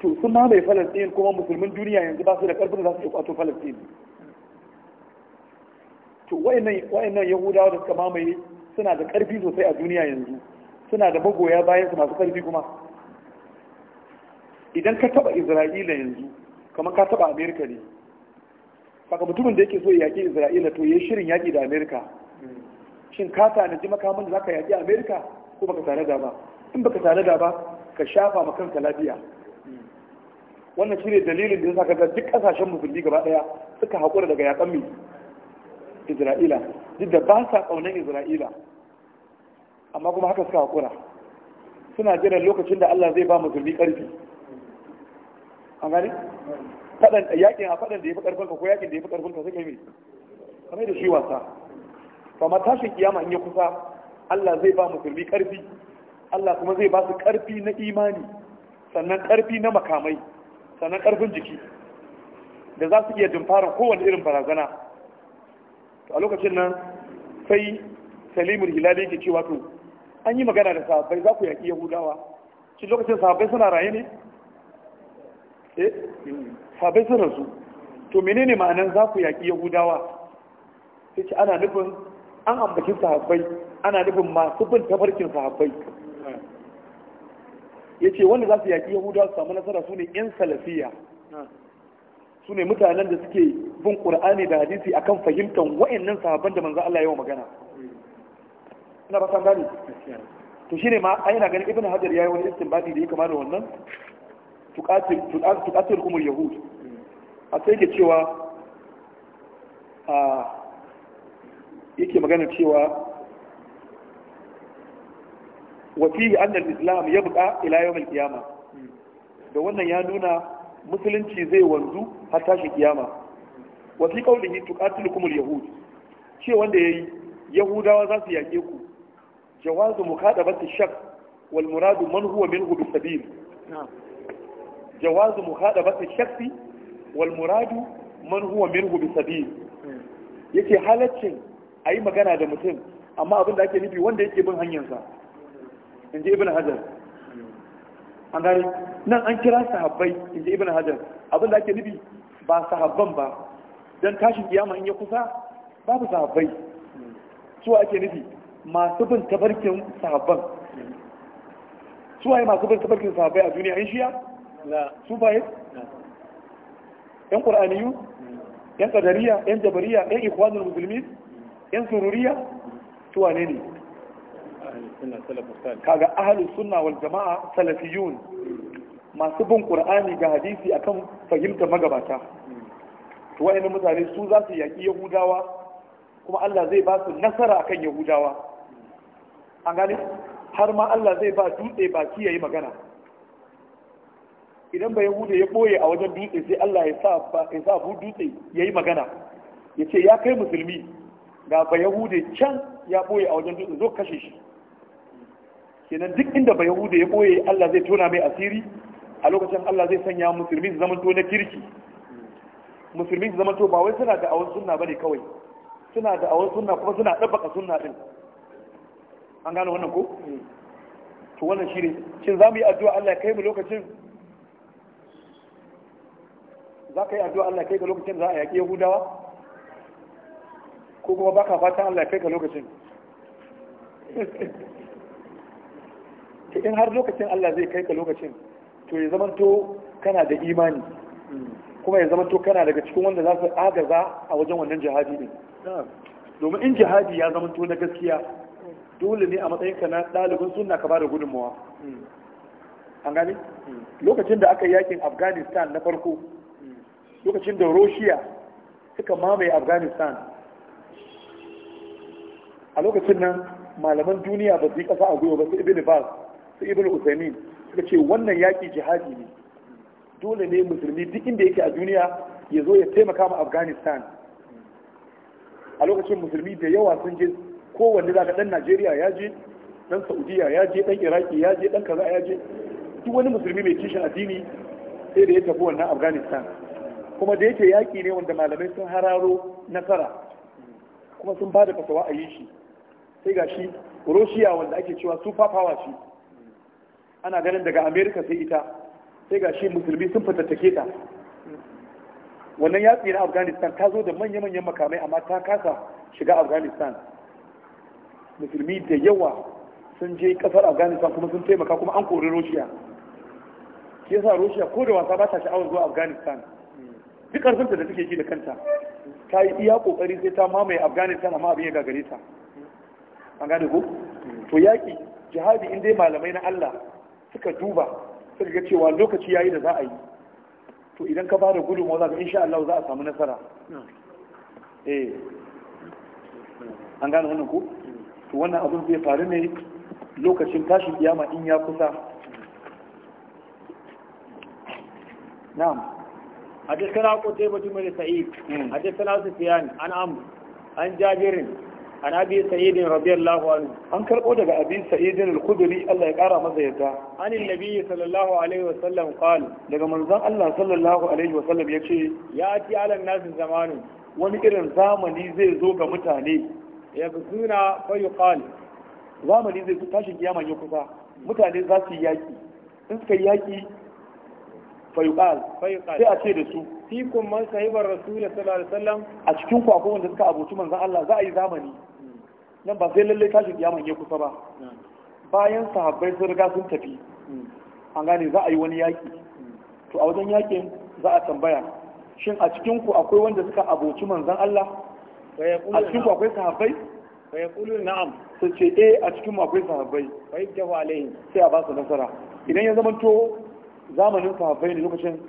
to sun mamaye filistin kuma musulmin duniya yanzu ba su da karfin za su iya kwato filistin to wayannan yahudawa da suka mamaye suna da karfi sosai a duniya yanzu suna da magoya bayan su masu karfi kuma idan ka taba isra'ila yanzu kamar ka taba amerika ne Kaka mutumin da yake so ya yaƙi isra'ila to ya shirin yaƙi da amerika shin ka tanaji makaman da za ka yaƙi amerika ko baka da ba in baka da ba ka shafa ma kanka lafiya wannan shine dalilin da ya ka duk ƙasashen musulmi gaba ɗaya suka haƙura daga yaƙan mai isra'ila duk da ba sa ƙaunar isra'ila amma kuma haka suka haƙura suna jiran lokacin da allah zai ba mu musulmi ƙarfi an gani faɗan yakin a faɗan da ya fi ƙarfin ka ko yakin da ya fi ƙarfin ka sai kai me kamar da shi wasa ma tashin kiyama in ya kusa allah zai ba mu musulmi ƙarfi allah kuma zai ba su ƙarfi na imani sannan ƙarfi na makamai sannan ƙarfin jiki da za su iya dumfarar kowane irin barazana to a lokacin nan sai salimul hilali yake cewa to an yi magana da sahabbai za ku yaƙi yahudawa shi lokacin sahabbai suna raye ne eh sahabbai sun rasu to menene ma'anan za ku yaƙi yahudawa sai ce ana nufin an ambaci sahabbai ana nufin masu bin tafarkin sahabbai ya ce wanda za su yaƙi yahudawa su samu nasara su ne 'yan salafiya ah. su ne mutanen da suke bin ƙur'ani da hadisi akan fahimtar wa'annan sahabban da manzo Allah yawa magana ina ba san gani to ne ma a yana ganin ibnu hajar yi wani istinbadi da ya kama da wannan tuqatil umar yahud a sai ke cewa yake magana cewa wa fihi anna islam yabqa ila yawm al-qiyamah da wannan ya nuna musulunci zai wanzu har tashi kiyama wa fi qawlihi tuqatilukum yahud ce wanda yayi yahudawa za su yake ku jawazu muqadabati shak wal muradu man huwa minhu bi sabil jawazu muqadabati shak wal muradu man huwa minhu bi sabil hmm. yake halaccin ayi magana da mutum amma abin da ake nufi wanda yake bin hanyarsa in ji ibn hajar an gane nan an kira sahabbai in ji ibn hajar abin da ake nufi ba sahabban ba don tashin kiyama in ya kusa babu sahabbai su ake nufi masu bin tabarkin sahabban su waye masu bin tabarkin sahabbai a duniya in shiya su baye yan ƙur'aniyu yan ƙadariya yan jabariya yan ikhwanul musulmi yan sururiya su wane ne kaga ahalus sunna wal jama'a salafiyun masu bin qur'ani ga hadisi akan fahimta magabata to wayannan mutane su za su yaki yahudawa kuma Allah zai ba su nasara akan yahudawa an gane har ma Allah zai ba dutse baki yayi magana idan ba yahuda ya boye a wajen dutse sai Allah ya sa ya sa dutse yayi magana yace ya kai musulmi ga ba yahude can ya boye a wajen dutse zo kashe shi kenan duk inda ba yahuda ya boye Allah zai tona mai asiri a lokacin Allah zai sanya musulmi su zamanto na kirki musulmi su zamanto ba wai suna da awon sunna bane kawai suna da awon sunna kuma suna dabbaka sunna din an gane wannan ko to wannan shine shin mu yi addu'a Allah ya kai mu lokacin za ka yi addu'a Allah kai ga lokacin za a yaƙi Yahudawa? Ko kuma baka fatan Allah kai ga lokacin? <laughs> to in har lokacin Allah zai kai ka lokacin to ya zamanto kana da imani kuma ya zamanto kana daga cikin wanda za su agaza a wajen wannan jihadi din domin in jihadi ya zamanto na gaskiya dole ne a matsayin ka na ɗalibin sunna ka bada gudunmawa hmm. an gani hmm. lokacin da aka yakin afghanistan na farko lokacin da russia suka mamaye afghanistan a lokacin nan malaman duniya ba su yi ƙasa a gwiwa ba su ibn su ibn usaimin suka ce wannan yaƙi jihadi ne dole ne musulmi duk inda yake a duniya ya zo ya taimaka ma afghanistan a lokacin musulmi da yawa sun je kowanne za ka ɗan najeriya ya je ɗan saudiya ya je ɗan iraki ya je ɗan kaza ya je duk wani musulmi mai kishin addini sai da ya tafi wannan afghanistan kuma da yake yaƙi ne wanda malamai sun hararo nasara kuma sun ba da fasawa a yi shi sai ga shi roshiya wanda ake cewa super power shi ana ganin daga amerika sai ita sai ga shi musulmi sun fatattake ta wannan yatsi na afghanistan ta zo da manya-manyan makamai amma ta kasa shiga afghanistan musulmi da yawa sun je kasar afghanistan kuma sun taimaka kuma an kori russia shi yasa russia ko da wasa ba ta sha'awar zuwa afghanistan duk ƙarfinta da suke ji da kanta ta yi iya kokari sai ta mamaye afghanistan amma abin ya gagare ta an gane ko to yaƙi jihadi in dai malamai na allah suka duba suka ga cewa lokaci yayi da za a yi to idan ka bada gudunmawa za ka insha Allah za a samu nasara eh an gane wannan ku to wannan abin zai faru ne lokacin tashin kiyama in ya kusa na'am حدثنا قتيبة بن سعيد hmm. حدثنا سفيان عن عمرو عن جابر an abi sa'idin radiyallahu anhu an karbo daga abin sa'idin al-khudri Allah ya kara masa yadda Anin annabi sallallahu alaihi wasallam qal daga manzon Allah sallallahu alaihi wasallam yace ya ti alan nasu zamanu wani irin zamani zai zo ga mutane ya gusuna fa yuqal zamani zai tashi kiyama ya kusa mutane za su yaki in suka yaki fa yuqal sai a ce da su fikum man sahibar rasul sallallahu alaihi wasallam a cikin ku akwai wanda suka abuci manzon Allah za a yi zamani nan ba sai lallai tashi ya manye kusa ba bayan sahabbai sun riga sun tafi an gane za a yi wani yaƙi to a wajen yaƙin za a tambaya shin a cikin ku akwai wanda suka aboci manzon Allah a cikin ku akwai sahabbai fa yaqulu na'am sai ce eh a cikin mu akwai sahabbai fa yajahu alaihi sai a ba su nasara idan ya zamanto zamanin sahabbai ne lokacin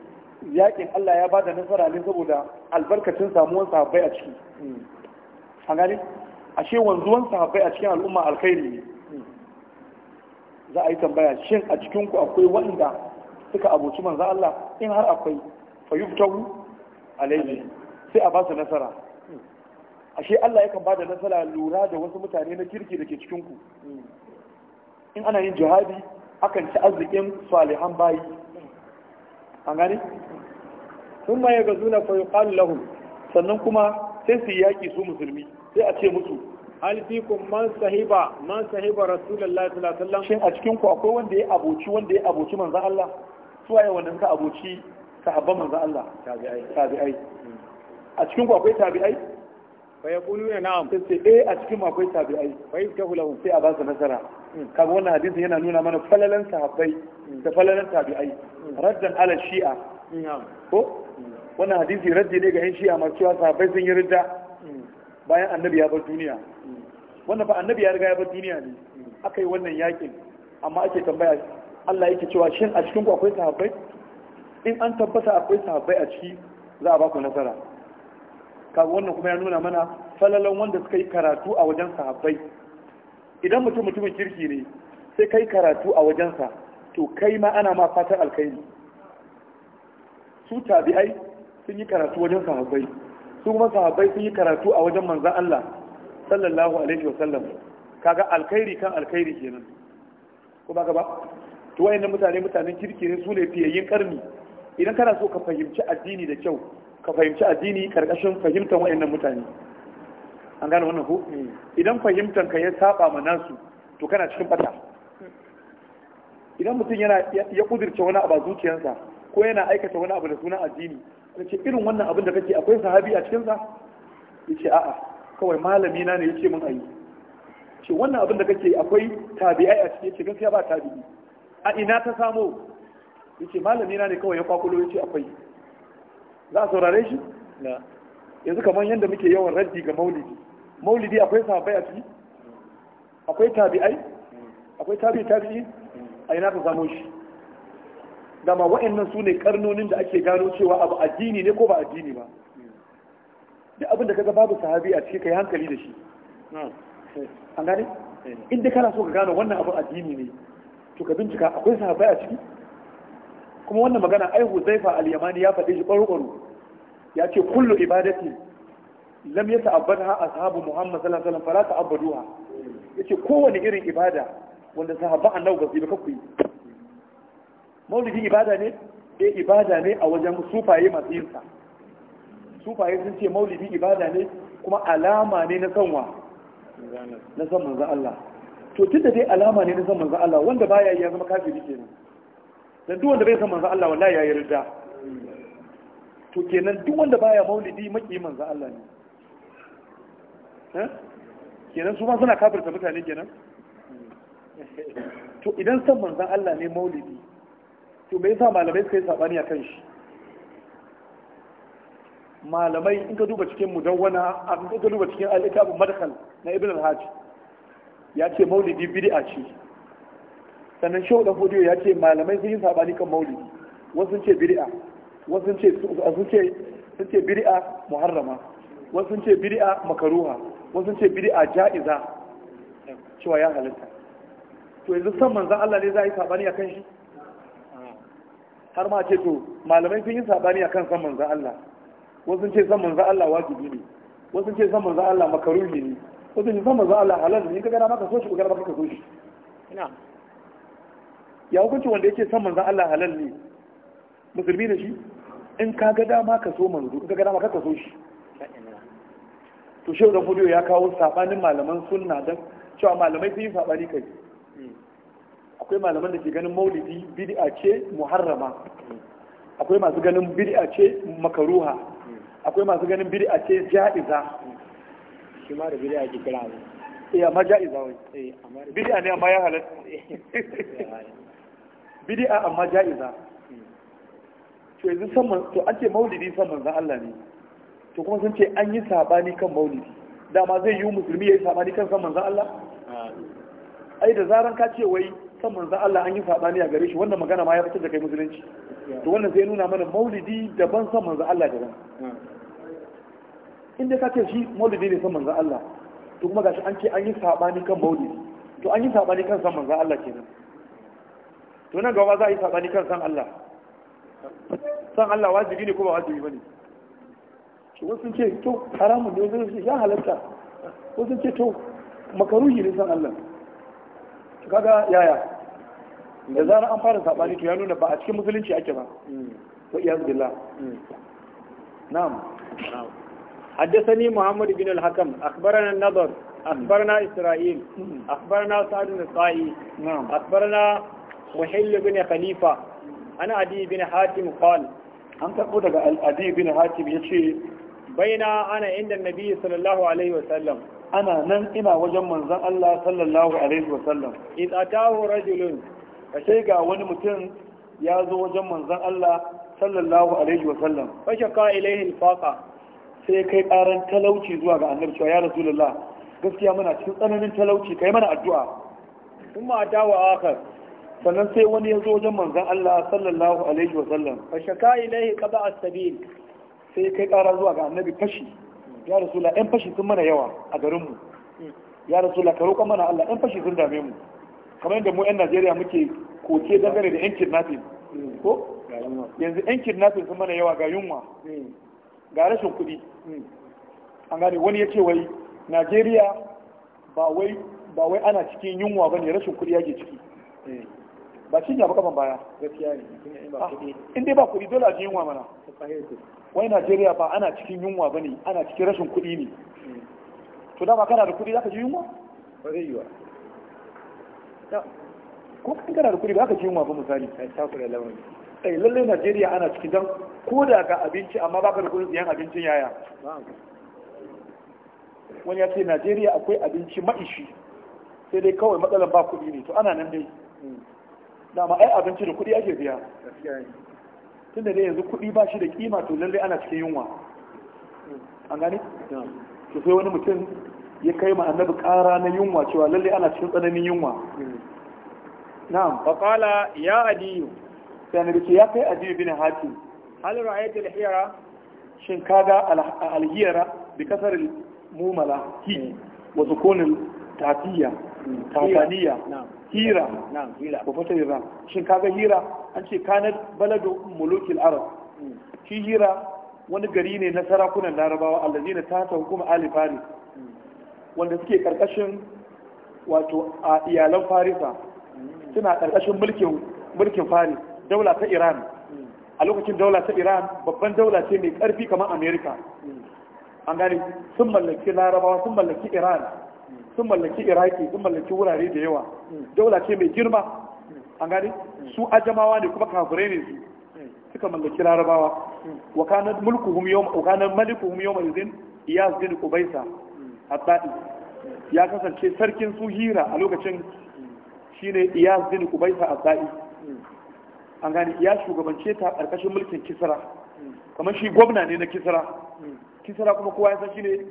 yaƙin Allah ya ba da nasara ne saboda albarkacin samuwar sahabbai a ciki hmm. an gane ashe wanzuwan sahabbai a cikin al'umma alkhairi ne za a yi tambaya shin a cikin ku akwai wanda suka abuci manzo Allah in har akwai fa yuftahu alayhi sai a ba nasara ashe Allah yakan ba da nasara lura da wasu mutane na kirki da ke cikin ku in ana yin jihadi akan ci arzikin salihan bayi an gani sun ma ya gazu na fayu lahum sannan kuma sai su yaƙi su musulmi sai a ce musu alfikum man sahiba man sahiba rasulullahi sallallahu alaihi wasallam shin a cikin ku akwai wanda ya abuci wanda ya abuci manzo Allah suwaye wanda ka abuci sahaba manzo Allah tabi'ai tabi'ai hmm. a cikin ku akwai tabi'ai fa yaquluna na'am sai sai eh a cikin akwai tabi'ai fa yaftahu lahum sai a ba su nasara hmm. kaga wannan hadisi yana nuna mana falalan sahabbai hmm. da falalan tabi'ai raddan ala shi'a ko wannan hadisi raddi ne ga yan shi'a masu cewa sahabbai sun yi ridda bayan annabi ya bar duniya wannan ba annabi ya riga ya bar duniya ne hmm. aka yi wannan yakin amma ake tambaya Allah yake cewa shin a cikin ku akwai sahabbai in an tabbata akwai sahabbai a ciki za a ba ku nasara kaga wannan kuma ya nuna mana falalon wanda suka yi karatu a wajen sahabbai idan mutum mutumin kirki ne sai kai karatu a wajensa to kai ma ana ma fatan alkhairi su tabi'ai sun yi karatu wajen sahabbai su kuma sahabbai sun yi karatu a wajen manzan Allah sallallahu alaihi wasallam kaga alkhairi kan alkhairi kenan ko ba ba to wayannan mutane mutanen kirki ne su ne fiyayyin karni idan kana so ka fahimci addini da kyau ka fahimci addini karkashin fahimtar wayannan mutane an gane wannan ko hmm. idan fahimtar ka ya saba ma nasu to kana cikin fata idan mutum yana ya kudirce wani abu a zuciyarsa ko yana aikata wani abu da sunan addini ce irin wannan abin da kake akwai sahabi a cikinsa ya ce a'a kawai malami na ne ya ce mun ayi ce wannan abin da kake akwai tabi'ai a cikin ce gaskiya ba tabi'i a ina ta samo ya ce malami na ne kawai ya kwakulo ya ce akwai za a saurare shi yanzu kamar yadda muke yawan raddi ga maulidi maulidi akwai sahabai a ciki mm. akwai tabi'ai mm. akwai tabi'i tabi'i mm. a ina ta samo shi dama waɗannan su ne karnonin da ake gano cewa abu addini ne ko ba addini ba duk abin da kaga babu sahabi a cikin yi hankali da shi hmm. an gane hmm. inda kana so ka gano wannan abin addini ne to ka bincika akwai sahabai a ciki kuma wannan magana ai Huzaifa al-Yamani ya faɗe shi ƙwaro ya ce kullu ibadati lam yata'abbadha ashabu Muhammad sallallahu alaihi wasallam fala ta'abbaduha yace kowane irin ibada wanda sahaba annabi ba su yi ba kakku maulidi ibada ne E, ibada ne a wajen sufaye masu yin sa sufaye sun ce maulidi ibada ne kuma alama ne na sanwa na san manzan Allah to tun da dai alama ne na san manzan Allah wanda baya ya zama kafiri kenan dan duk wanda bai san manzan Allah wallahi ya yarda to kenan duk wanda baya maulidi maki manzan Allah ne eh? kenan su ma suna kafirta mutane kenan to idan san manzan Allah ne maulidi to me yasa malamai suka yi sabani akan shi malamai in ka duba cikin mudawwana a in ka duba cikin al kitab madkhal na ibn al-hajj ya ce maulidi bid'a ce sannan shehu dan fodiyo ya ce malamai sun yi sabani kan maulidi wasu sun ce bid'a wasu sun ce sun ce sun ce bid'a muharrama wasu sun ce bid'a makaruha wasu sun ce bid'a ja'iza cewa ya halitta to yanzu san manzon Allah ne za a yi sabani akan shi har ma ce to malamai sun yi sabani akan san manzan Allah wasu ce san manzan Allah wajibi ne wasu ce san manzan Allah makaruhi ne wasu ce san manzan Allah halal ne kaga na maka so shi kaga maka so shi ina ya hukunci wanda yake san manzan Allah halal ne musulmi da shi in ka ga dama ka so manzo in ka ga dama ka so shi to shehu da fudiyo ya kawo sabanin malaman sunna da cewa malamai sun yi sabani kai akwai malaman da ke ganin maulidi bid'a ce muharrama akwai masu ganin bid'a ce makaruha akwai masu ganin bid'a ce ja'iza shi ma da bid'a ke kira ne eh amma ja'iza wai eh, bid'a ne amma ya halatta <laughs> bid'a amma ja'iza to yanzu san to an ce maulidi san manzon Allah ne to kuma sun ce an yi sabani kan maulidi dama zai yi musulmi ya yi sabani kan san manzon Allah ai da zaran ka ce wai san manzan Allah an yi saɓani a gare shi wannan magana ma ya fitar da kai musulunci to wannan zai nuna mana maulidi daban san manzan Allah daban in dai ka ce shi maulidi ne san manzan Allah to kuma gashi an ce an yi saɓani kan maulidi to an yi saɓani kan san manzan Allah kenan to nan gaba za a yi saɓani kan san Allah san Allah wajibi ne ko ba wajibi bane to wasu ce to haramun ne wasu ya halatta wasu ce to makaruhi ne san Allah kaga yaya da zarar an fara saɓani to ya nuna ba a cikin musulunci ake ba to iya zubila na'am haddasani muhammad bin al-hakam akbarana nadar hmm. akbarana isra'il hmm. akbarana sa'ad bin sa'i akbarana bin khalifa ana adi bin hatim qal an tabo daga al bin hatim yace baina ana inda nabi sallallahu alaihi wa sallam ana nan ina wajen manzon Allah sallallahu alaihi wa sallam idza ta'u rajulun sai ga wani mutum ya zo wajen manzan Allah sallallahu alaihi wasallam fashe ka ilaihin faƙa. sai kai ƙaran talauci zuwa ga annabi cewa ya rasulullah gaskiya muna cikin tsananin talauci kai mana addu'a kuma dawa akar sannan sai wani ya zo wajen manzan Allah sallallahu alaihi wasallam fashe ka ilaihi kaba as-sabil sai kai kara zuwa ga annabi fashi ya rasu rasulullah ɗan fashi sun mana yawa a garinmu ya rasu rasulullah ka roƙa mana Allah ɗan fashi sun dame mu kamar yadda mu 'yan najeriya muke koke dangane da 'yan kidnapping ko yanzu 'yan kidnapping sun mana yawa ga yunwa ga rashin kuɗi an gane wani ya ce wai najeriya ba wai ana cikin yunwa ba ne rashin kuɗi ke ciki ba shi ya ban baya ah, in dai ba kuɗi dole a ji yunwa mana wai najeriya ba ana cikin yunwa ba ne ana cikin rashin kuɗi ne hmm. to dama kana da kuɗi za ka ji yunwa ko kan kana da kuɗi ba ka ji yunwa ba misali eh lallai Najeriya ana cikin dan ko da ga abinci amma baka da kuɗin siyan abincin yaya wani ya ce Najeriya akwai abinci ma'ishi sai dai kawai matsalar ba kuɗi ne to ana nan dai hmm. dama ai abinci da kuɗi ake biya tunda dai yanzu kuɗi ba shi da kima to lallai ana cikin yunwa hmm. an gane to sai wani mutum ya kai ma annabi ƙara na yunwa cewa lalle ana cikin tsananin yunwa na'am fa qala ya adiyu sai annabi ce ya kai adiyu bin hatim hal ra'ayta al-hiyara shin kaga al-hiyara bi kasar mumala hi eh. wa sukunil tafiya hmm. tafaniya hira na'am hira ko fata hira shin kaga hira an ce kanat baladu mulukil arab hmm. shi hira wani gari ne na sarakunan larabawa allazina ta hukuma ali faris wanda suke karkashin wato a iyalan farisa suna karkashin mulkin mulkin faris daula ta iran a lokacin daula ta iran babban daula ce mai karfi kamar america an gani sun mallaki larabawa sun mallaki iran sun mallaki iraki sun mallaki wurare da yawa daula ce mai girma an gani su ajamawa ne kuma kafirai ne su suka mallaki larabawa Wakanan kana mulkuhum wakanan wa kana malikuhum yawm izin iyaz bin haddadi ya kasance sarkin su hira a lokacin shine iyaz bin ubaysa haddadi an gani ya shugabance ta karkashin mulkin kisra kamar shi gwamna ne na kisra kisra kuma kowa ya san shine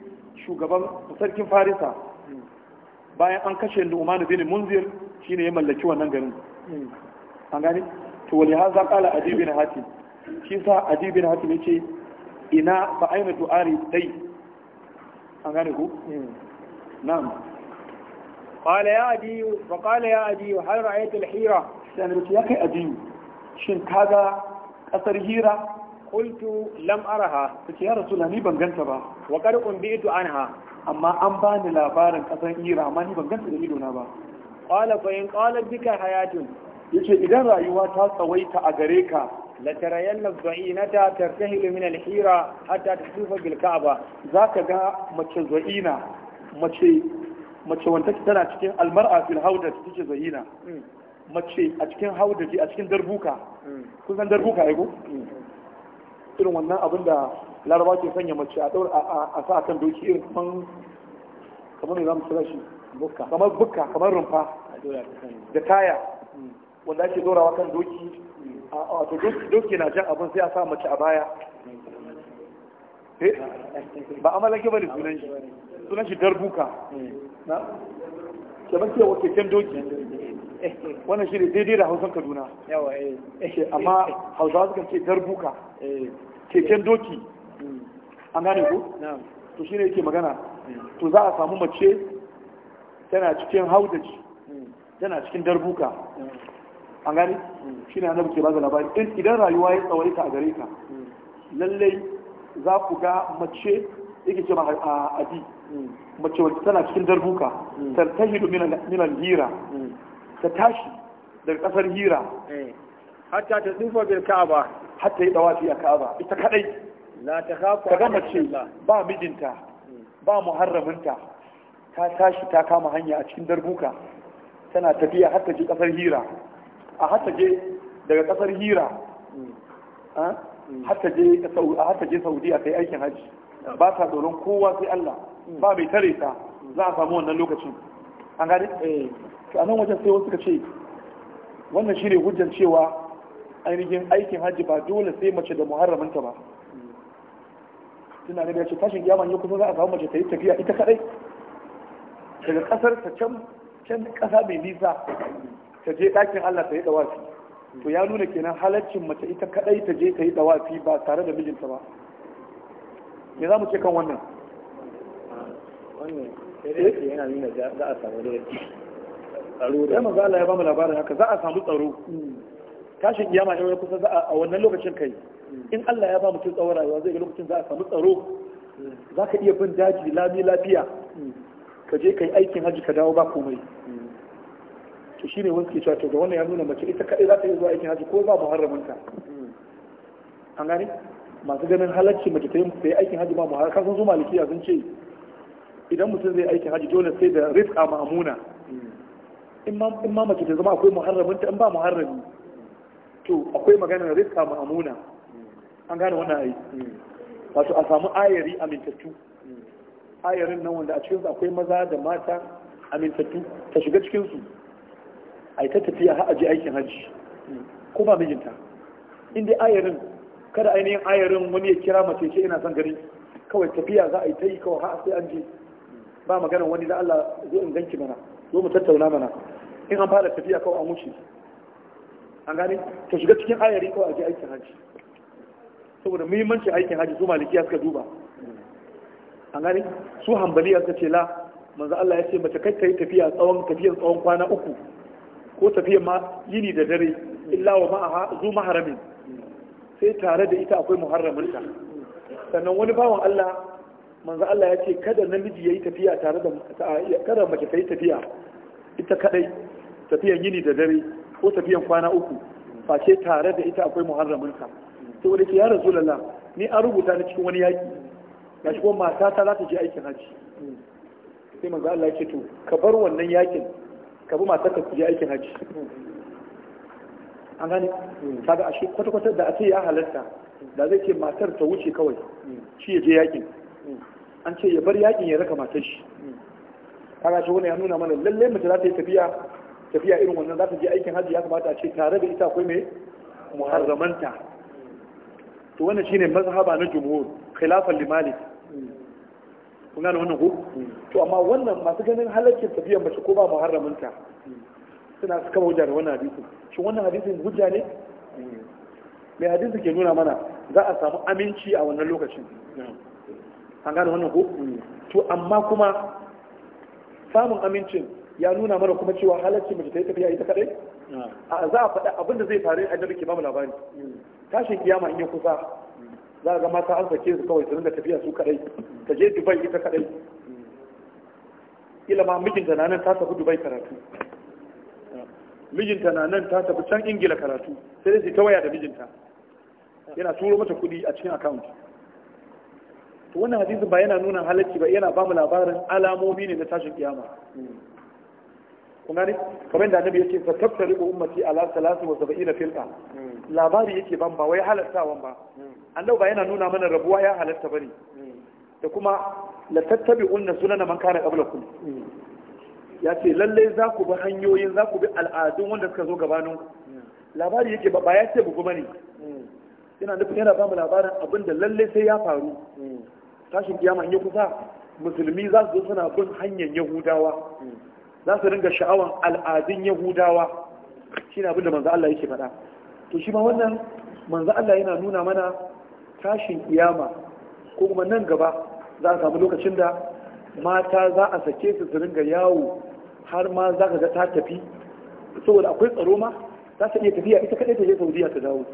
shugaban sarkin farisa bayan an kashe nu'man bin munzir shine ya mallaki wannan garin an gani to wali haza qala adib bin hatim shi sa adib bin hatim yace ina fa aina du'ari dai an gane ku hmm. na'am qala ya adiyu fa qala ya adiyu hal ra'ayta al-hira sai annabi ya kai adiyu shin kaga kasar hira qultu lam araha kace ya rasulullah ni ban ganta ba wa qad unbitu ha? amma an bani labarin ƙasar hira amma ni ban ganta da ido na ba Kwale fa in qalat bika hayatun yace idan rayuwa ta tsawaita a gare ka latarayanna za'inata tartahilu min hira, hatta tasufa bil ka'aba zaka ga mace za'ina mace mace wanda tana cikin almar'a fil hauda take za'ina mace a cikin haudaji a cikin darbuka kun san darbuka ai ko irin wannan abin da laraba ke sanya mace a daura a sa kan doki irin kaman kamar ne za mu shi bukka kamar bukka kamar rumfa da kaya wanda ake dorawa kan doki wato doki na jan abin sai a sa mace a baya eh, ba a ba ne sunan shi sunan shi darbuka na ke ba kewa keken doki wannan shi ne daidai da hausan kaduna eh. amma hausawa suka ce darbuka eh. keken doki an gane ku? to shi ne yake magana to za a samu mace tana cikin haudaci hmm. tana cikin darbuka hmm. an gani shi ne annabi ke ba da labari idan rayuwa ya tsawaita a gare ka lallai za ku ga mace yake ce a adi mace wacce tana cikin darbuka tartahidu minan hira ta tashi daga kasar hira eh, hatta ta tsufa bil ka'aba hatta yi dawafi a ka'aba ita kadai la ta khafa kaga mace ba mijinta ba muharraminta ta tashi ta kama hanya a cikin darbuka tana tafiya har ta ji kasar hira a je daga kasar hira a hattaje saudi a yi aikin hajji ba ta tsoron kowa sai allah ba mai tare ta za a samu wannan lokacin an gani eh. a nan wajen sai wasu ka ce wannan shi ne hujjan cewa ainihin aikin hajji ba dole sai mace da muharraminta ba suna da ya ce tashin kiyama ne kusa za a samu mace ta yi tafiya ita kadai daga kasar ta can kasa mai nisa ta je ɗakin Allah ta yi dawafi to ya nuna kenan halaccin mace ita kadai ta je ta yi dawafi ba tare da mijinta ba me za mu ce kan wannan wannan yana nuna za a samu tsaro da mu labarin haka za a samu tsaro tashin kiyama ne wani kusa za a wannan lokacin kai in Allah ya ba mutum tsawon rayuwa zai ga lokacin za a samu tsaro za ka iya bin daji lami lafiya ka je ka yi aikin hajji ka dawo ba komai to shine wanke ke cewa to da wannan ya nuna mace ita kadai za ta iya zuwa aikin haji ko ba muharramin ta an gane masu ganin halarci mace ta yi aikin haji ba muharram kasan su malikiya sun ce idan mutum zai aikin haji dole sai da rizqa ma'amuna in ma mace ta zama akwai muharramin ta in ba muharrami to akwai maganar rizqa ma'amuna an gane wannan ai wato a samu ayari amintattu ayarin nan wanda a cikinsu akwai maza da mata amintattu ta shiga cikinsu a ta tafiya a aji aikin hajji ko ba mijinta in dai ayarin kada ainihin ayarin wani ya kira mace ce ina son gari kawai tafiya za a yi ta yi kawai har sai an je ba maganin wani da Allah zo in ganki mana zo mu tattauna mana in an fara tafiya kawai an wuce an gane ta shiga cikin ayari kawai a ji aikin hajji saboda muhimmanci aikin hajji su malikiya suka duba an gane su hambaliya suka ce la manzo Allah ya ce mace kai ta yi tafiya tsawon tsawon kwana uku ko tafiya ma yini da dare illa wa ma'aha zu maharamin sai tare da ita akwai muharraminta sannan wani bawan Allah manzo Allah ya ce kada namiji yayi tafiya tare da kada mace ta yi tafiya ita kadai tafiyan yini da dare ko tafiyan kwana uku face tare da ita akwai muharraminta sai wani ce ya rasulullah ni an rubuta ni cikin wani yaki gashi kuma mata ta za ta je aikin haji sai manzo Allah ya ce to ka bar wannan yakin ka bi matarka su je aikin hajji an gane kaga ashe kwata-kwata da a ce ya halarta da zai ce matar ta wuce kawai shi ya je yakin an ce ya bar yakin ya raka matar shi kaga shi wani ya nuna mana lallai mace za ta yi tafiya tafiya irin wannan za ta je aikin hajji ya kamata a ce tare da ita akwai mai muharramanta to wannan shine mazhaba na jumhur khilafan limalik kuna gane wannan ko to amma wannan masu ganin halaccin tafiyar mace ko ba muharraminta suna suka hujja da wannan hadisi shi wannan hadisin hujja ne mai hadisi ke nuna mana za a samu aminci a wannan lokacin an gane wannan ko to amma kuma samun amincin ya nuna mana kuma cewa halarci mace ta yi tafiya ita kadai a za a faɗa abin da zai faru a annabi ke ba mu labari tashin kiyama in yi kusa za ga mata an sake su kawai su ringa tafiya su kadai ta je dubai ita kadai kila ma mijinta na nan ta tafi dubai karatu mijinta na nan ta tafi can ingila karatu sai dai ta waya da mijinta yana turo mata kuɗi a cikin account to wannan hadisi ba yana nuna halacci ba yana bamu labarin alamomi ne na tashin kiyama kun kamar da annabi yake fatabta ummati ala 73 filqa hmm. labari yake ban ba wai halartawan ba hmm. annabi ba yana nuna mana rabuwa ya halatta bane da kuma la unna na man kana qablakum ya ce lalle za ku bi hanyoyin za ku bi al'adun wanda suka zo gabanin labari yake ba ya ce bugu bane yana nufin yana ba mu labarin abinda da lalle sai ya faru tashin kiyama in yi kusa musulmi za su zo suna bin hanyar yahudawa za su ringa sha'awan al'adun yahudawa shine abin da manzo Allah yake faɗa to shi ma wannan manzo Allah yana nuna mana tashin kiyama ko kuma nan gaba za a samu lokacin da mata za a sake su su ringa yawo har ma za ka ga ta tafi saboda akwai tsaro ma za ta iya tafiya ita kadai ta je saudiya ta dawo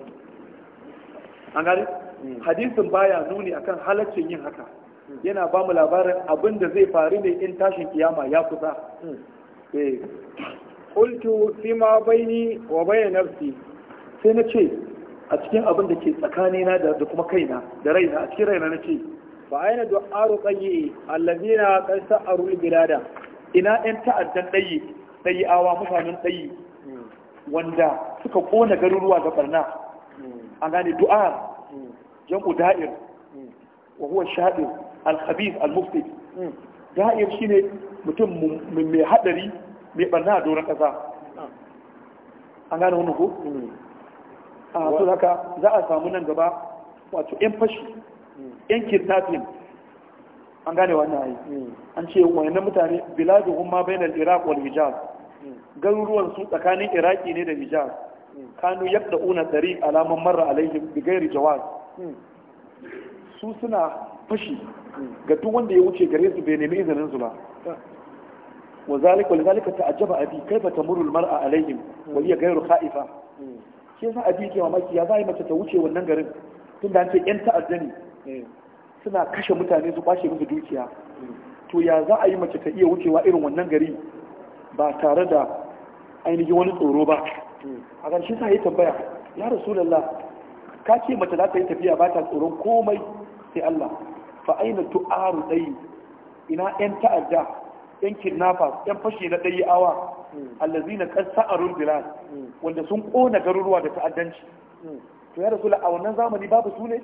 an gane hmm. hadisin baya nuni akan halaccin yin haka yana ba mu labarin abin da zai faru ne in tashin kiyama ya kusa hmm. eh. qultu fi ma baini wa bayna nafsi sai na ce a cikin abin da ke tsakanina da kuma kaina da raina a cikin raina na ce fa aina da ruqayyi allazina qad sa'aru al-bilada ina 'yan ta'addan ɗayi ɗayi awa mutanen ɗayi wanda suka kona garuruwa ga barna hmm. A gane du'a hmm. jam'u da'ir hmm. wa huwa shaɗin al habib al-mufsid da'ir shine mutum mai hadari mai barna a doron ƙasa an gane wani ko a so haka za a samu nan gaba wato yan fashi yan kidnapping an gane wannan ayi hmm. an ce wayannan mutane biladuhum ma bainal iraq wal hijaz hmm. garuruwan su tsakanin iraki ne da hijaz hmm. kanu yadda una tariq alaman marra alaihim bi gairi jawaz su suna fashi ga duk wanda ya wuce gare su bai nemi izinin su ba ah. wa zalika wa zalika ta'ajjaba abi kaifa tamuru al mar'a alaihim wa hiya ghairu khaifa shi yasa abin ke mamaki ya zai mace ta wuce wannan garin tun da an ce yan ta'adda ne eh. suna kashe mutane su kwashe musu dukiya to ya za a yi mace ta iya wucewa irin wannan gari ba tare da ainihin wani tsoro ba hmm. a ƙarshe sa yi tambaya ya rasulallah ka ce mace za ta yi tafiya ba ta tsoron komai sai Allah fa aina tu'aru dai ina yan ta'adda yan kidnappers yan fashe na ɗaya awa hmm. allazi na ƙasa a bilal hmm. wanda sun ƙona garuruwa da ta'addanci hmm. to ya rasu a wannan zamani babu su ne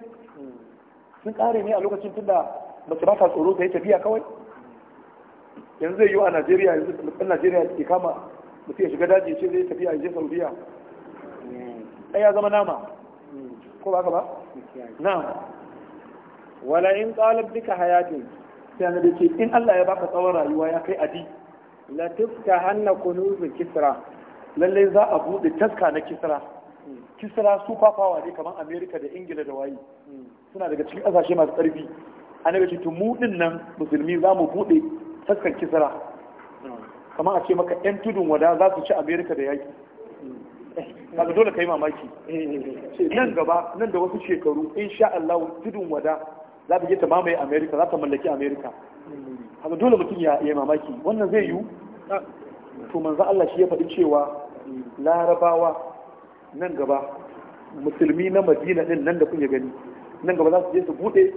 sun ƙare ne a lokacin tunda mace ba ta tsoro ta yi tafiya kawai yanzu zai yi a najeriya yanzu ɗan najeriya ke kama mutum ya shiga daji ce zai tafiya ya je saudiya ɗaya zama nama ko ba ka ba na wala in qalab duka hayatin sai annabi ce in Allah ya baka tsawon rayuwa ya kai adi la tufta hanna kunuzul kisra lalle za a bude taska na kisra kisra su power ne kamar America da Ingila da wayi suna daga cikin kasashe masu karfi annabi ce to mu din nan musulmi za mu bude taskar kisra kamar a ce maka yan tudun wada za su ci America da yaki kaga dole kai mamaki eh. nan gaba nan da wasu shekaru insha Allah tudun wada za ta je ta mamaye america za ta mallaki america haka dole mutum ya yi mamaki wannan zai yi to manzo Allah shi ya faɗi cewa larabawa nan gaba musulmi na madina din nan da kuke gani nan gaba za su je su bude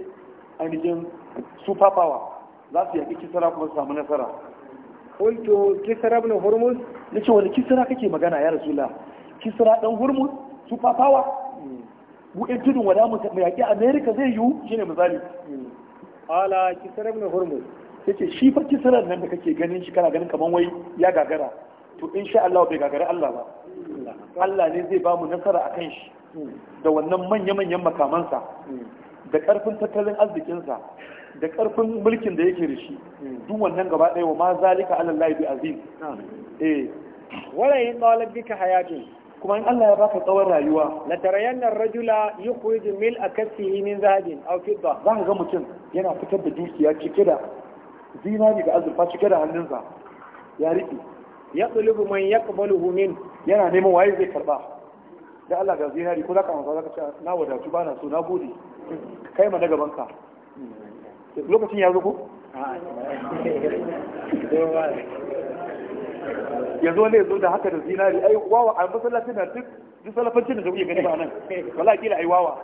ainihin super power za su yaƙi kisara kuma su samu nasara kisara bin hormuz na ce wani kisara kake magana ya rasulullah kisara dan hormuz super power mu in tudun wada mu yaƙi Amerika zai yiwu shine misali ala na ibn Ya ce shi fa kisarar nan da kake ganin shi kana ganin kamar wai ya gagara to in sha Allah bai gagara Allah ba Allah ne zai ba mu nasara akan shi da wannan manya-manyan makamansa da karfin tattalin arzikinsa da karfin mulkin da yake da shi duk wannan gaba ɗaya wa ma zalika ala bi azim eh wala yin hayatun kuma in Allah ya baka tsawon rayuwa la tarayanna rajula yukhrij mil akasihi min zahabin aw fidda za ka ga mutum yana fitar da dukiya cike da zinari da azurfa cike da hannunsa ya riƙe ya tsulubu man yaqbaluhu min yana neman waye zai karba da Allah ga zinari ko za zaka amsa ka ce na wadatu bana so na gode kai ma daga banka lokacin ya zo ko <laughs> yanzu wani yanzu da haka da zinari ai wawa a masallacin na duk duk salafancin da kuke gani ba nan wala kila ai wawa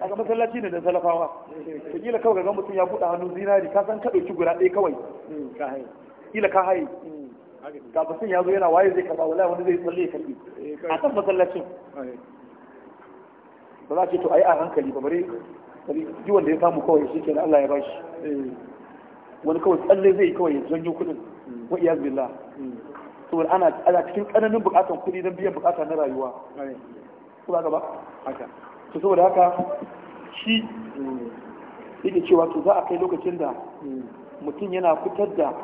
aka masallaci ne da salafawa ta kila kawai ga mutum ya buɗe hannun zinari ka san ka ɗauki guda ɗaya kawai hmm, kila ka haye hmm, ga mutum ya zo yana waye zai karɓa wala wani zai tsalle ya karɓi eh, a kan masallacin ba za a ce to ai a hankali ba bare ji wanda ya samu kawai shi Allah ya bashi eh. wani kawai tsalle zai kawai ya janyo kuɗin wa saboda ana cikin tsananin bukatan kuɗi don biyan bukata na rayuwa ko ba ba haka saboda haka shi yake cewa to za a kai lokacin da mutum yana fitar da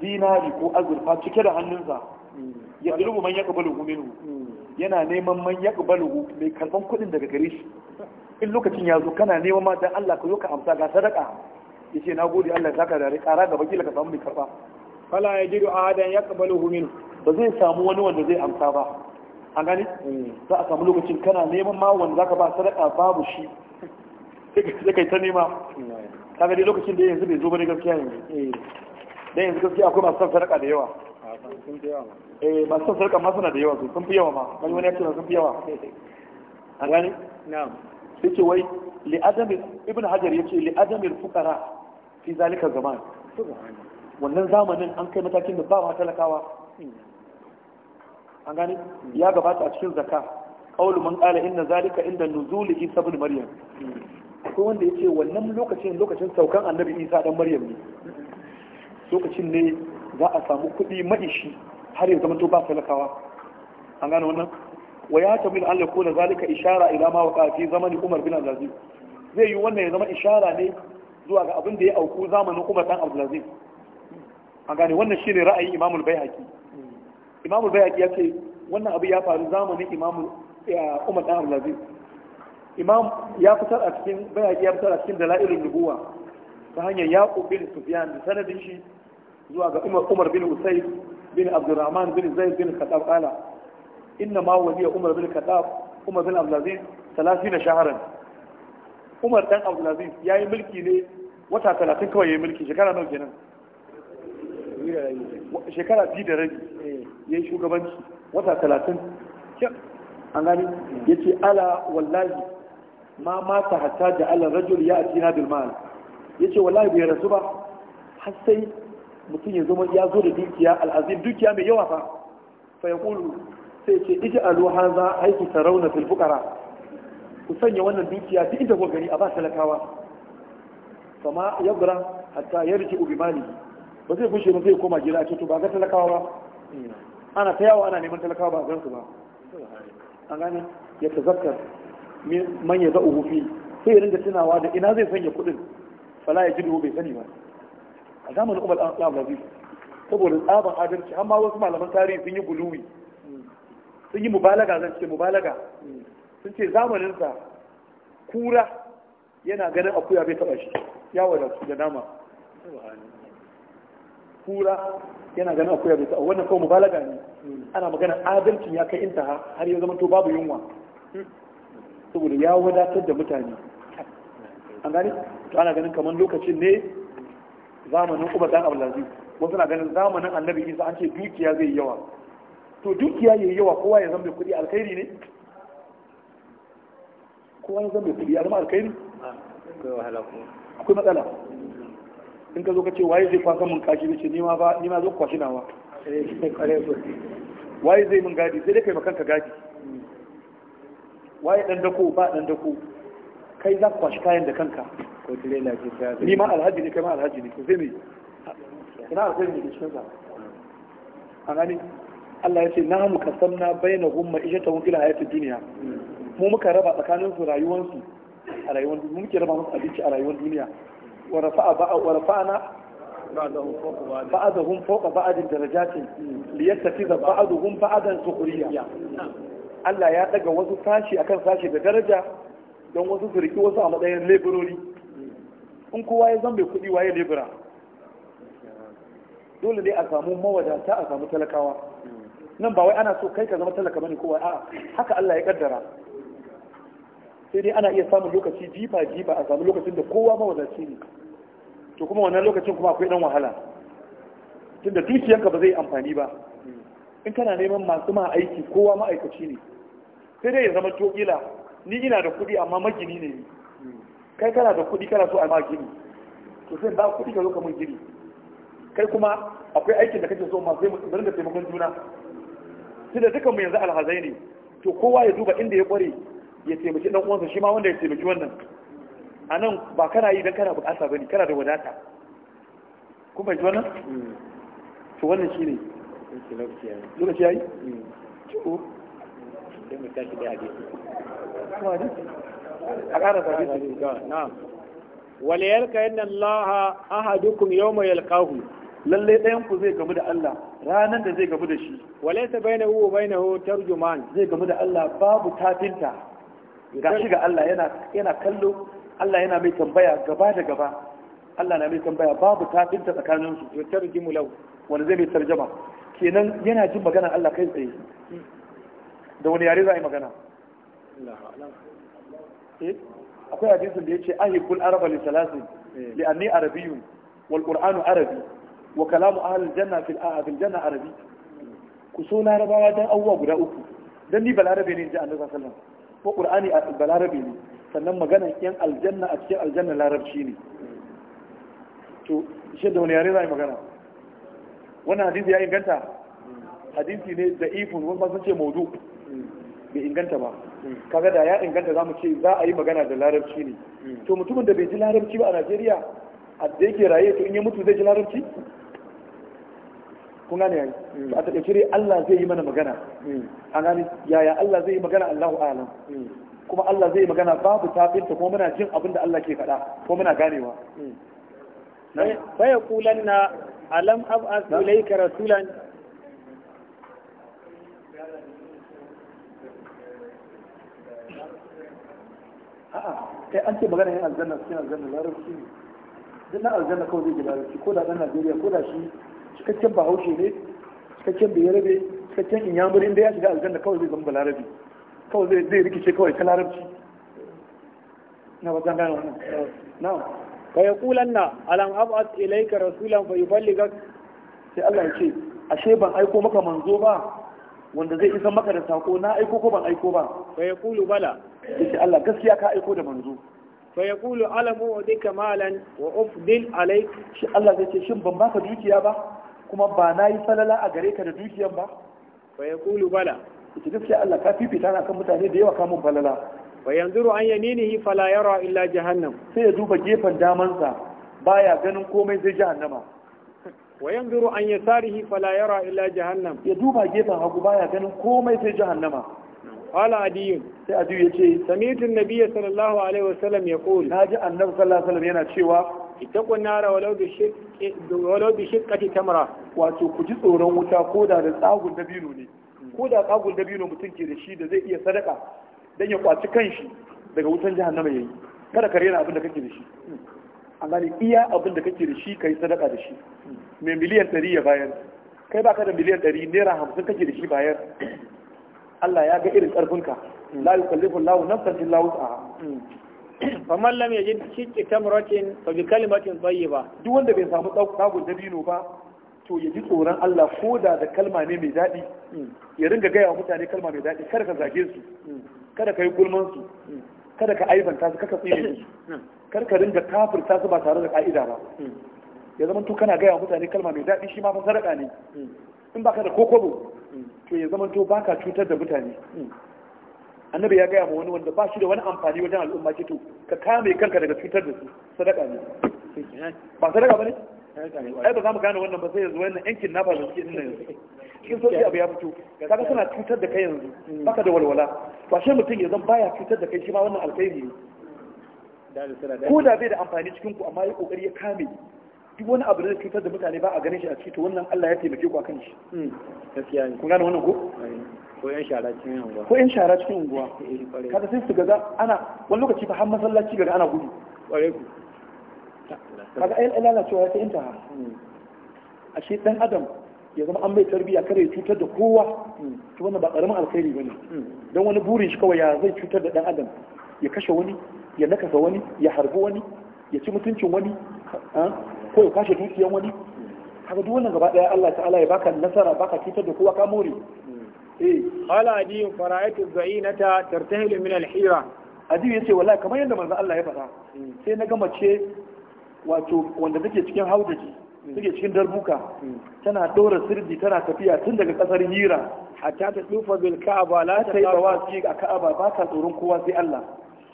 zinari ko azurfa cike da hannunsa hmm. ya ilmu man ya kabalu minhu hmm. yana neman man ya kabalu mai karban kuɗin daga gare shi in lokacin ya zo kana neman ma dan Allah ka zo ka amsa ga sadaka yace na gode Allah ya saka da rai kara gaba kila ka samu mai karba fala ya jiru ahadan ya kabalu humin ba zai samu wani wanda zai amsa ba an gani hmm. za a samu lokacin kana neman ma wanda zaka ba sadaka babu shi sai kai ta nema kaga dai lokacin da yanzu bai zo bane gaskiya yanzu hmm. dan yanzu gaskiya akwai masu son sadaka da yawa eh masu son sadaka ma suna da yawa sun fi yawa ma wani wani ya ce sun fi yawa a gani na'am sai ce wai li adam ibn hajar yace li adam al fuqara fi zalika zaman subhanallah wannan zamanin an kai matakin da ba ma talakawa an gani ya gabata a cikin zaka qawlu man qala inna zalika inda nuzuli isa ibn maryam ko wanda yace wannan lokacin lokacin saukan annabi isa dan maryam ne lokacin ne za a samu kuɗi maishi har ya zama to ba talakawa an gane wannan wa ya ta min Allah kuna zalika ishara ila ma waqa fi zamani Umar bin Abdulaziz zai yi wannan ya zama ishara ne zuwa ga abin da ya auku zamanin Umar dan Abdulaziz an gane wannan shi ne ra'ayin imamul bayhaqi imamul bayhaqi ya ce wannan abu ya faru zamanin imamul eh, umar dan abdulaziz imam ya fitar a cikin bayhaqi ya fitar a cikin dalailun nubuwa ta hanyar yaqub bin sufyan da sanadin shi zuwa ga umar bin usayd bin abdurrahman bin zaid bin khattab qala inna ma waliya umar bin khattab umar bin abdulaziz 30 shaharan umar dan abdulaziz yayi mulki ne wata 30 kawai yayi mulki shekara nawa kenan shekara biyu da rabi ya yi shugabanci wata talatin an gani ya ce ala wallahi ma mata hatta da ala rajul ya a cina bilmal ya ce wallahi bai rasu ba har sai mutum ya zama ya zo da dukiya al'azim dukiya mai yawa fa fa ya kulu sai ce iji alu haza aiki sarauna fil fukara ku sanya wannan dukiya duk inda kuka gani a ba talakawa fama yabra hatta yarji ubimani ba zai gushe ba zai koma gida a to ba ga talakawa ba ana ta yawo ana neman talakawa ba a gansu ba an gane ya tazakkar manya ya za'u hufi sai ya da tunawa da ina zai sanya kuɗin fala ya ji bai sani ba a zamanin umar al-abdulaziz saboda tsaban adalci amma wasu malaman tarihi sun yi guluwi sun yi mubalaga zan ce mubalaga sun ce zamaninsa kura yana ganin akuya bai taba shi ya da nama kura yana ganin akwai abu sa'o wannan kawai mubalaga ne ana magana adalcin ya kai intaha har ya zama to babu yunwa saboda ya wadatar da mutane an gani to ana ganin kamar lokacin ne zamanin kuma dan abdulaziz wasu na ganin zamanin annabi isa an ce dukiya zai yi yawa to dukiya yi yawa kowa ya zama kuɗi alkhairi ne kowa ya zama kuɗi ya zama alkhairi akwai matsala in ka zo ka ce waye zai kwasa mun kashi ne ce ni ma ba ni ma zo kwashi nawa <laughs> waye zai mun gadi sai dai kai makanka gadi waye dan dako ba dan dako kai za ka kwashi kayan da kanka ko tirela ce ta ni ma alhaji ne kai ma alhaji ne ko zai me ina alhaji ne cikin sa an gani Allah ya ce na mu kasamna bainahum ma'ishatahum fil hayatid duniya. Hmm. mu muka raba tsakanin su rayuwansu a rayuwar muke raba musu abinci a rayuwar duniya wa rafa'a ba'a wa rafa'na ba'dahum fawqa ba'din darajatin liyattakhidha ba'dahum ba'dan sukhriya Allah ya daga wasu sashi akan sashi da daraja don wasu su wasu a matsayin leburori. in kowa ya zambe kuɗi waye lebura dole ne a samu mawadata a samu talakawa nan ba wai ana so kai ka zama talaka bane kowa a'a haka Allah ya kaddara sai dai ana iya samun lokaci jifa jifa a samu lokacin da kowa mawadaci ne to kuma wannan lokacin kuma akwai dan wahala tunda dukiyanka ba zai amfani ba in kana neman masu ma aiki kowa ma'aikaci ne sai dai ya zama tokila ni ina da kuɗi amma magini ne kai kana da kuɗi kana so a ma gini to sai ba kuɗi ka zo ka mun gini kai kuma akwai aikin da kake so ma sai mu rinka taimakon juna tunda dukan mu yanzu alhazai ne to kowa ya duba inda ya kware ya taimaki dan uwansa shi ma wanda ya taimaki wannan a nan ba kana yi don kana bukasa ba ne kana da wadata kun bai wannan mm. to wannan shi ne lokaci ya yi mm. a ƙara sabi wale yalka yadda Allah ahadukum yawma yalqahu lalle ɗayan ku zai gamu da Allah ranar da zai gamu da shi walaysa bainahu wa bainahu tarjuman zai gamu da Allah babu tafinta gashi ga Allah yana kallo Allah yana mai tambaya gaba da gaba Allah na mai tambaya babu tafinta tsakanin su ya tarji mulau wanda zai mai tarjama kenan yana jin magana Allah kai tsaye da wani yare za a yi magana eh, akwai hadisin da ya ce ahibul araba li salasin eh. li anni arabiyyun wal qur'anu arabi wa kalamu ahli janna fil ahli janna arabi ku so larabawa dan abubuwa guda uku dan ni balarabe ne in ji annabi sallallahu alaihi wasallam ko qur'ani balarabe ne sannan magana yan aljanna a cikin aljanna larabci ne to shi da wani yare za a yi magana wannan hadisi ya inganta hadisi ne da ifin wani masu ce maudu bai inganta ba kaga da ya inganta za mu ce za a yi magana da larabci ne to mutumin da bai ji larabci ba a najeriya a da yake raye to in ya mutu zai ji larabci kun gane yayi to a takaice Allah zai yi mana magana A gane yaya Allah zai yi magana Allahu a'lam kuma Allah zai magana babu tafinta kuma muna jin abin da Allah ke faɗa kuma muna ganewa baya hmm. kulan na alam ab'as ka rasulan a'a kai an ce magana yin aljanna cikin aljanna larabci ne duk na aljanna kawai zai ji larabci ko da ɗan Najeriya ko da shi cikakken bahaushe ne cikakken bayarabe cikakken inyamurin da ya shiga aljanna kawai zai zama larabci. kawai zai zai rikice kawai ta larabci na bazan gane wannan na'am fa na alam ab'at ilayka rasulan fa ga. sai Allah ya ce ashe ban aiko maka manzo ba wanda zai isa maka da sako na aiko ko ban aiko ba fa yaqulu bala sai Allah gaskiya ka aiko da manzo fa yaqulu alamu dika malan wa ufdil alayk shi Allah zai ce shin ban baka dukiya ba kuma ba nayi salala a gare ka da dukiyan ba fa yaqulu bala ita gaskiya Allah ka fifita na kan mutane da yawa kamun falala wa yanzuru an yaminihi fala yara illa jahannam sai ya duba gefen damansa baya ganin komai sai jahannama wa yanzuru an yasarihi fala yara illa jahannam ya duba gefen hagu baya ganin komai sai jahannama qala adiyun sai adiyu yace sami'tu an-nabiyya sallallahu alaihi wasallam yaqul naji annabi sallallahu alaihi wasallam yana cewa ittaqun nara walau bi shiqqi walau bi shiqqati tamra wato ku ji tsoron wuta ko da da tsagun dabino ne ko da da dabino mutum ke da shi da zai iya sadaka dan ya kwaci kanshi daga wutan jahannama yayi kada ka rena abin da kake da shi an gane iya abin da kake da shi kai sadaka da shi mai miliyan ɗari ya bayar kai baka da miliyan ɗari naira hamsin kake da shi bayar Allah ya ga irin ƙarfinka la yukallifu Allahu nafsan illa wus'aha faman lam yajid shiqqi tamratin fa bi kalimatin tayyiba duk wanda bai samu tsagun dabino ba to ya ji tsoron Allah ko da da kalma ne mai daɗi hmm. ya ringa gaya wa mutane kalma mai daɗi kada ka zage su hmm. kada ka yi gulman su hmm. kada ka aibanta su kaka tsine su <coughs> kada ka ringa kafirta su ba tare da ka'ida ba ya zama to kana gaya wa mutane kalma mai daɗi shi ma fa sadaka ne in baka da kokobo to ya zama to baka cutar da mutane annabi ya gaya ma wani wanda ba shi da wani amfani wajen al'umma ce to ka kame kanka daga cutar da su sadaka ne ba sadaka ba ne ai ba za mu gane wannan ba sai yanzu wannan yankin na ba da suke nuna yanzu in sauki abu ya fito kaga suna cutar da kai yanzu baka da walwala ba shi mutum ya zan baya cutar da kai shi ma wannan alkhairi ne ko da bai da amfani cikin ku amma ya kokari ya kame duk wani abu da cutar da mutane ba a ganin shi a ciki to wannan Allah ya taimake ku akan shi hmm, gaskiya ne kun gane wannan ko ko yan shara cikin unguwa ko yan shara cikin unguwa eh, kaga sai su ga ana wani lokaci ba har masallaci ga ana gudu kaga ayyar lalacewa ya ta intaha a shi dan adam ya zama an bai tarbiya kare ya cutar da kowa to wannan ba karamin alkhairi ba Dan wani burin shi kawai ya zai cutar da dan adam ya kashe wani ya nakasa wani ya harbi wani ya ci mutuncin wani ko ya kashe dukiyan wani kaga duk wannan gaba daya Allah ta'ala ya baka nasara baka cutar da kowa ka more eh qala adi fara'atu zainata tartahilu min alhira. hira adi yace wallahi kamar yadda manzo Allah ya faɗa sai na ga mace wato wanda take cikin haudaji suke hmm. cikin darbuka hmm. tana ɗora sirdi tana tafiya tun daga ƙasar hira a ta ta tsufa bil ka'aba la ta yi tawaki a ka'aba ba ta tsoron kowa sai Allah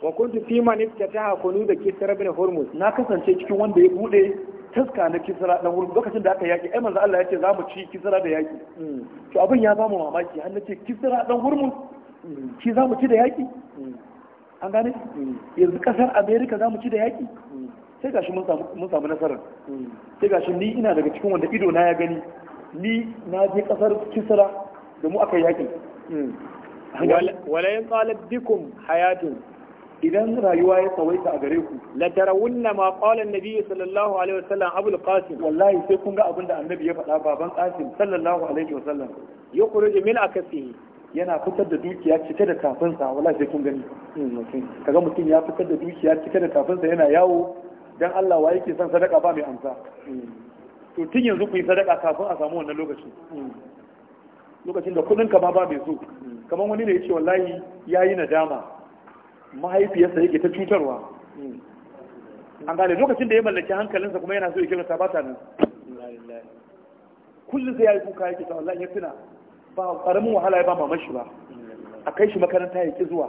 wa kuntu fi man iftataha kunu da kisra bin hormuz na kasance cikin wanda ya bude taska na kisra dan hormuz lokacin da aka yaki ai manzo Allah yace za mu ci kisra da yaki hmm. to abin ya zama mamaki har nace kisra dan hormuz Ki za mu ci da yaki an gane yanzu kasar america za mu ci da yaki sai gashi mun samu nasarar hmm. sai gashi ni ina daga cikin wanda ido na ya gani ni na je kasar kisra da mu aka yi yaƙi hmm. walayin qalat bikum hayatun idan rayuwa ya tsawaita a gare ku la tarawunna ma qala an-nabi sallallahu alaihi wasallam abul qasim wallahi sai kun ga abin da annabi ya faɗa baban qasim sallallahu alaihi wasallam yukhrij min akasihi yana fitar da dukiya cike da kafinsa wallahi sai kun gani hmm, kaga mutum ya fitar da dukiya cike da kafinsa yana yawo dan Allah wa yake san sadaka ba mai amsa to tun yanzu ku yi sadaka kafin a samu wannan lokaci lokacin da kudin ka ma ba mai so kamar wani ne ya ce wallahi ya yi nadama mahaifiyarsa yake ta cutarwa an gane lokacin da ya mallaki hankalinsa kuma yana so ya kira ta bata nan kullum sai ya yi kuka yake ta wallahi ya tuna ba karamin wahala ya ba mamashi ba a kai shi makaranta ya ki zuwa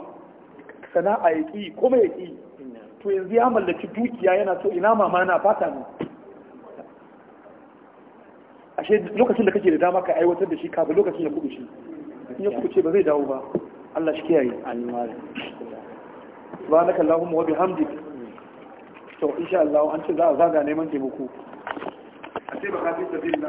sana'a ya ki kuma ya ki to yanzu ya mallaki dukiya yana so ina mama na fata ne ashe lokacin da kake da dama ka aiwatar da shi kafin lokacin ya kubuce in ya kubuce ba zai dawo ba Allah shi kiyaye subhanaka allahumma wa bihamdik to insha Allah an ce za a zaga neman taimako a ce ba ka fi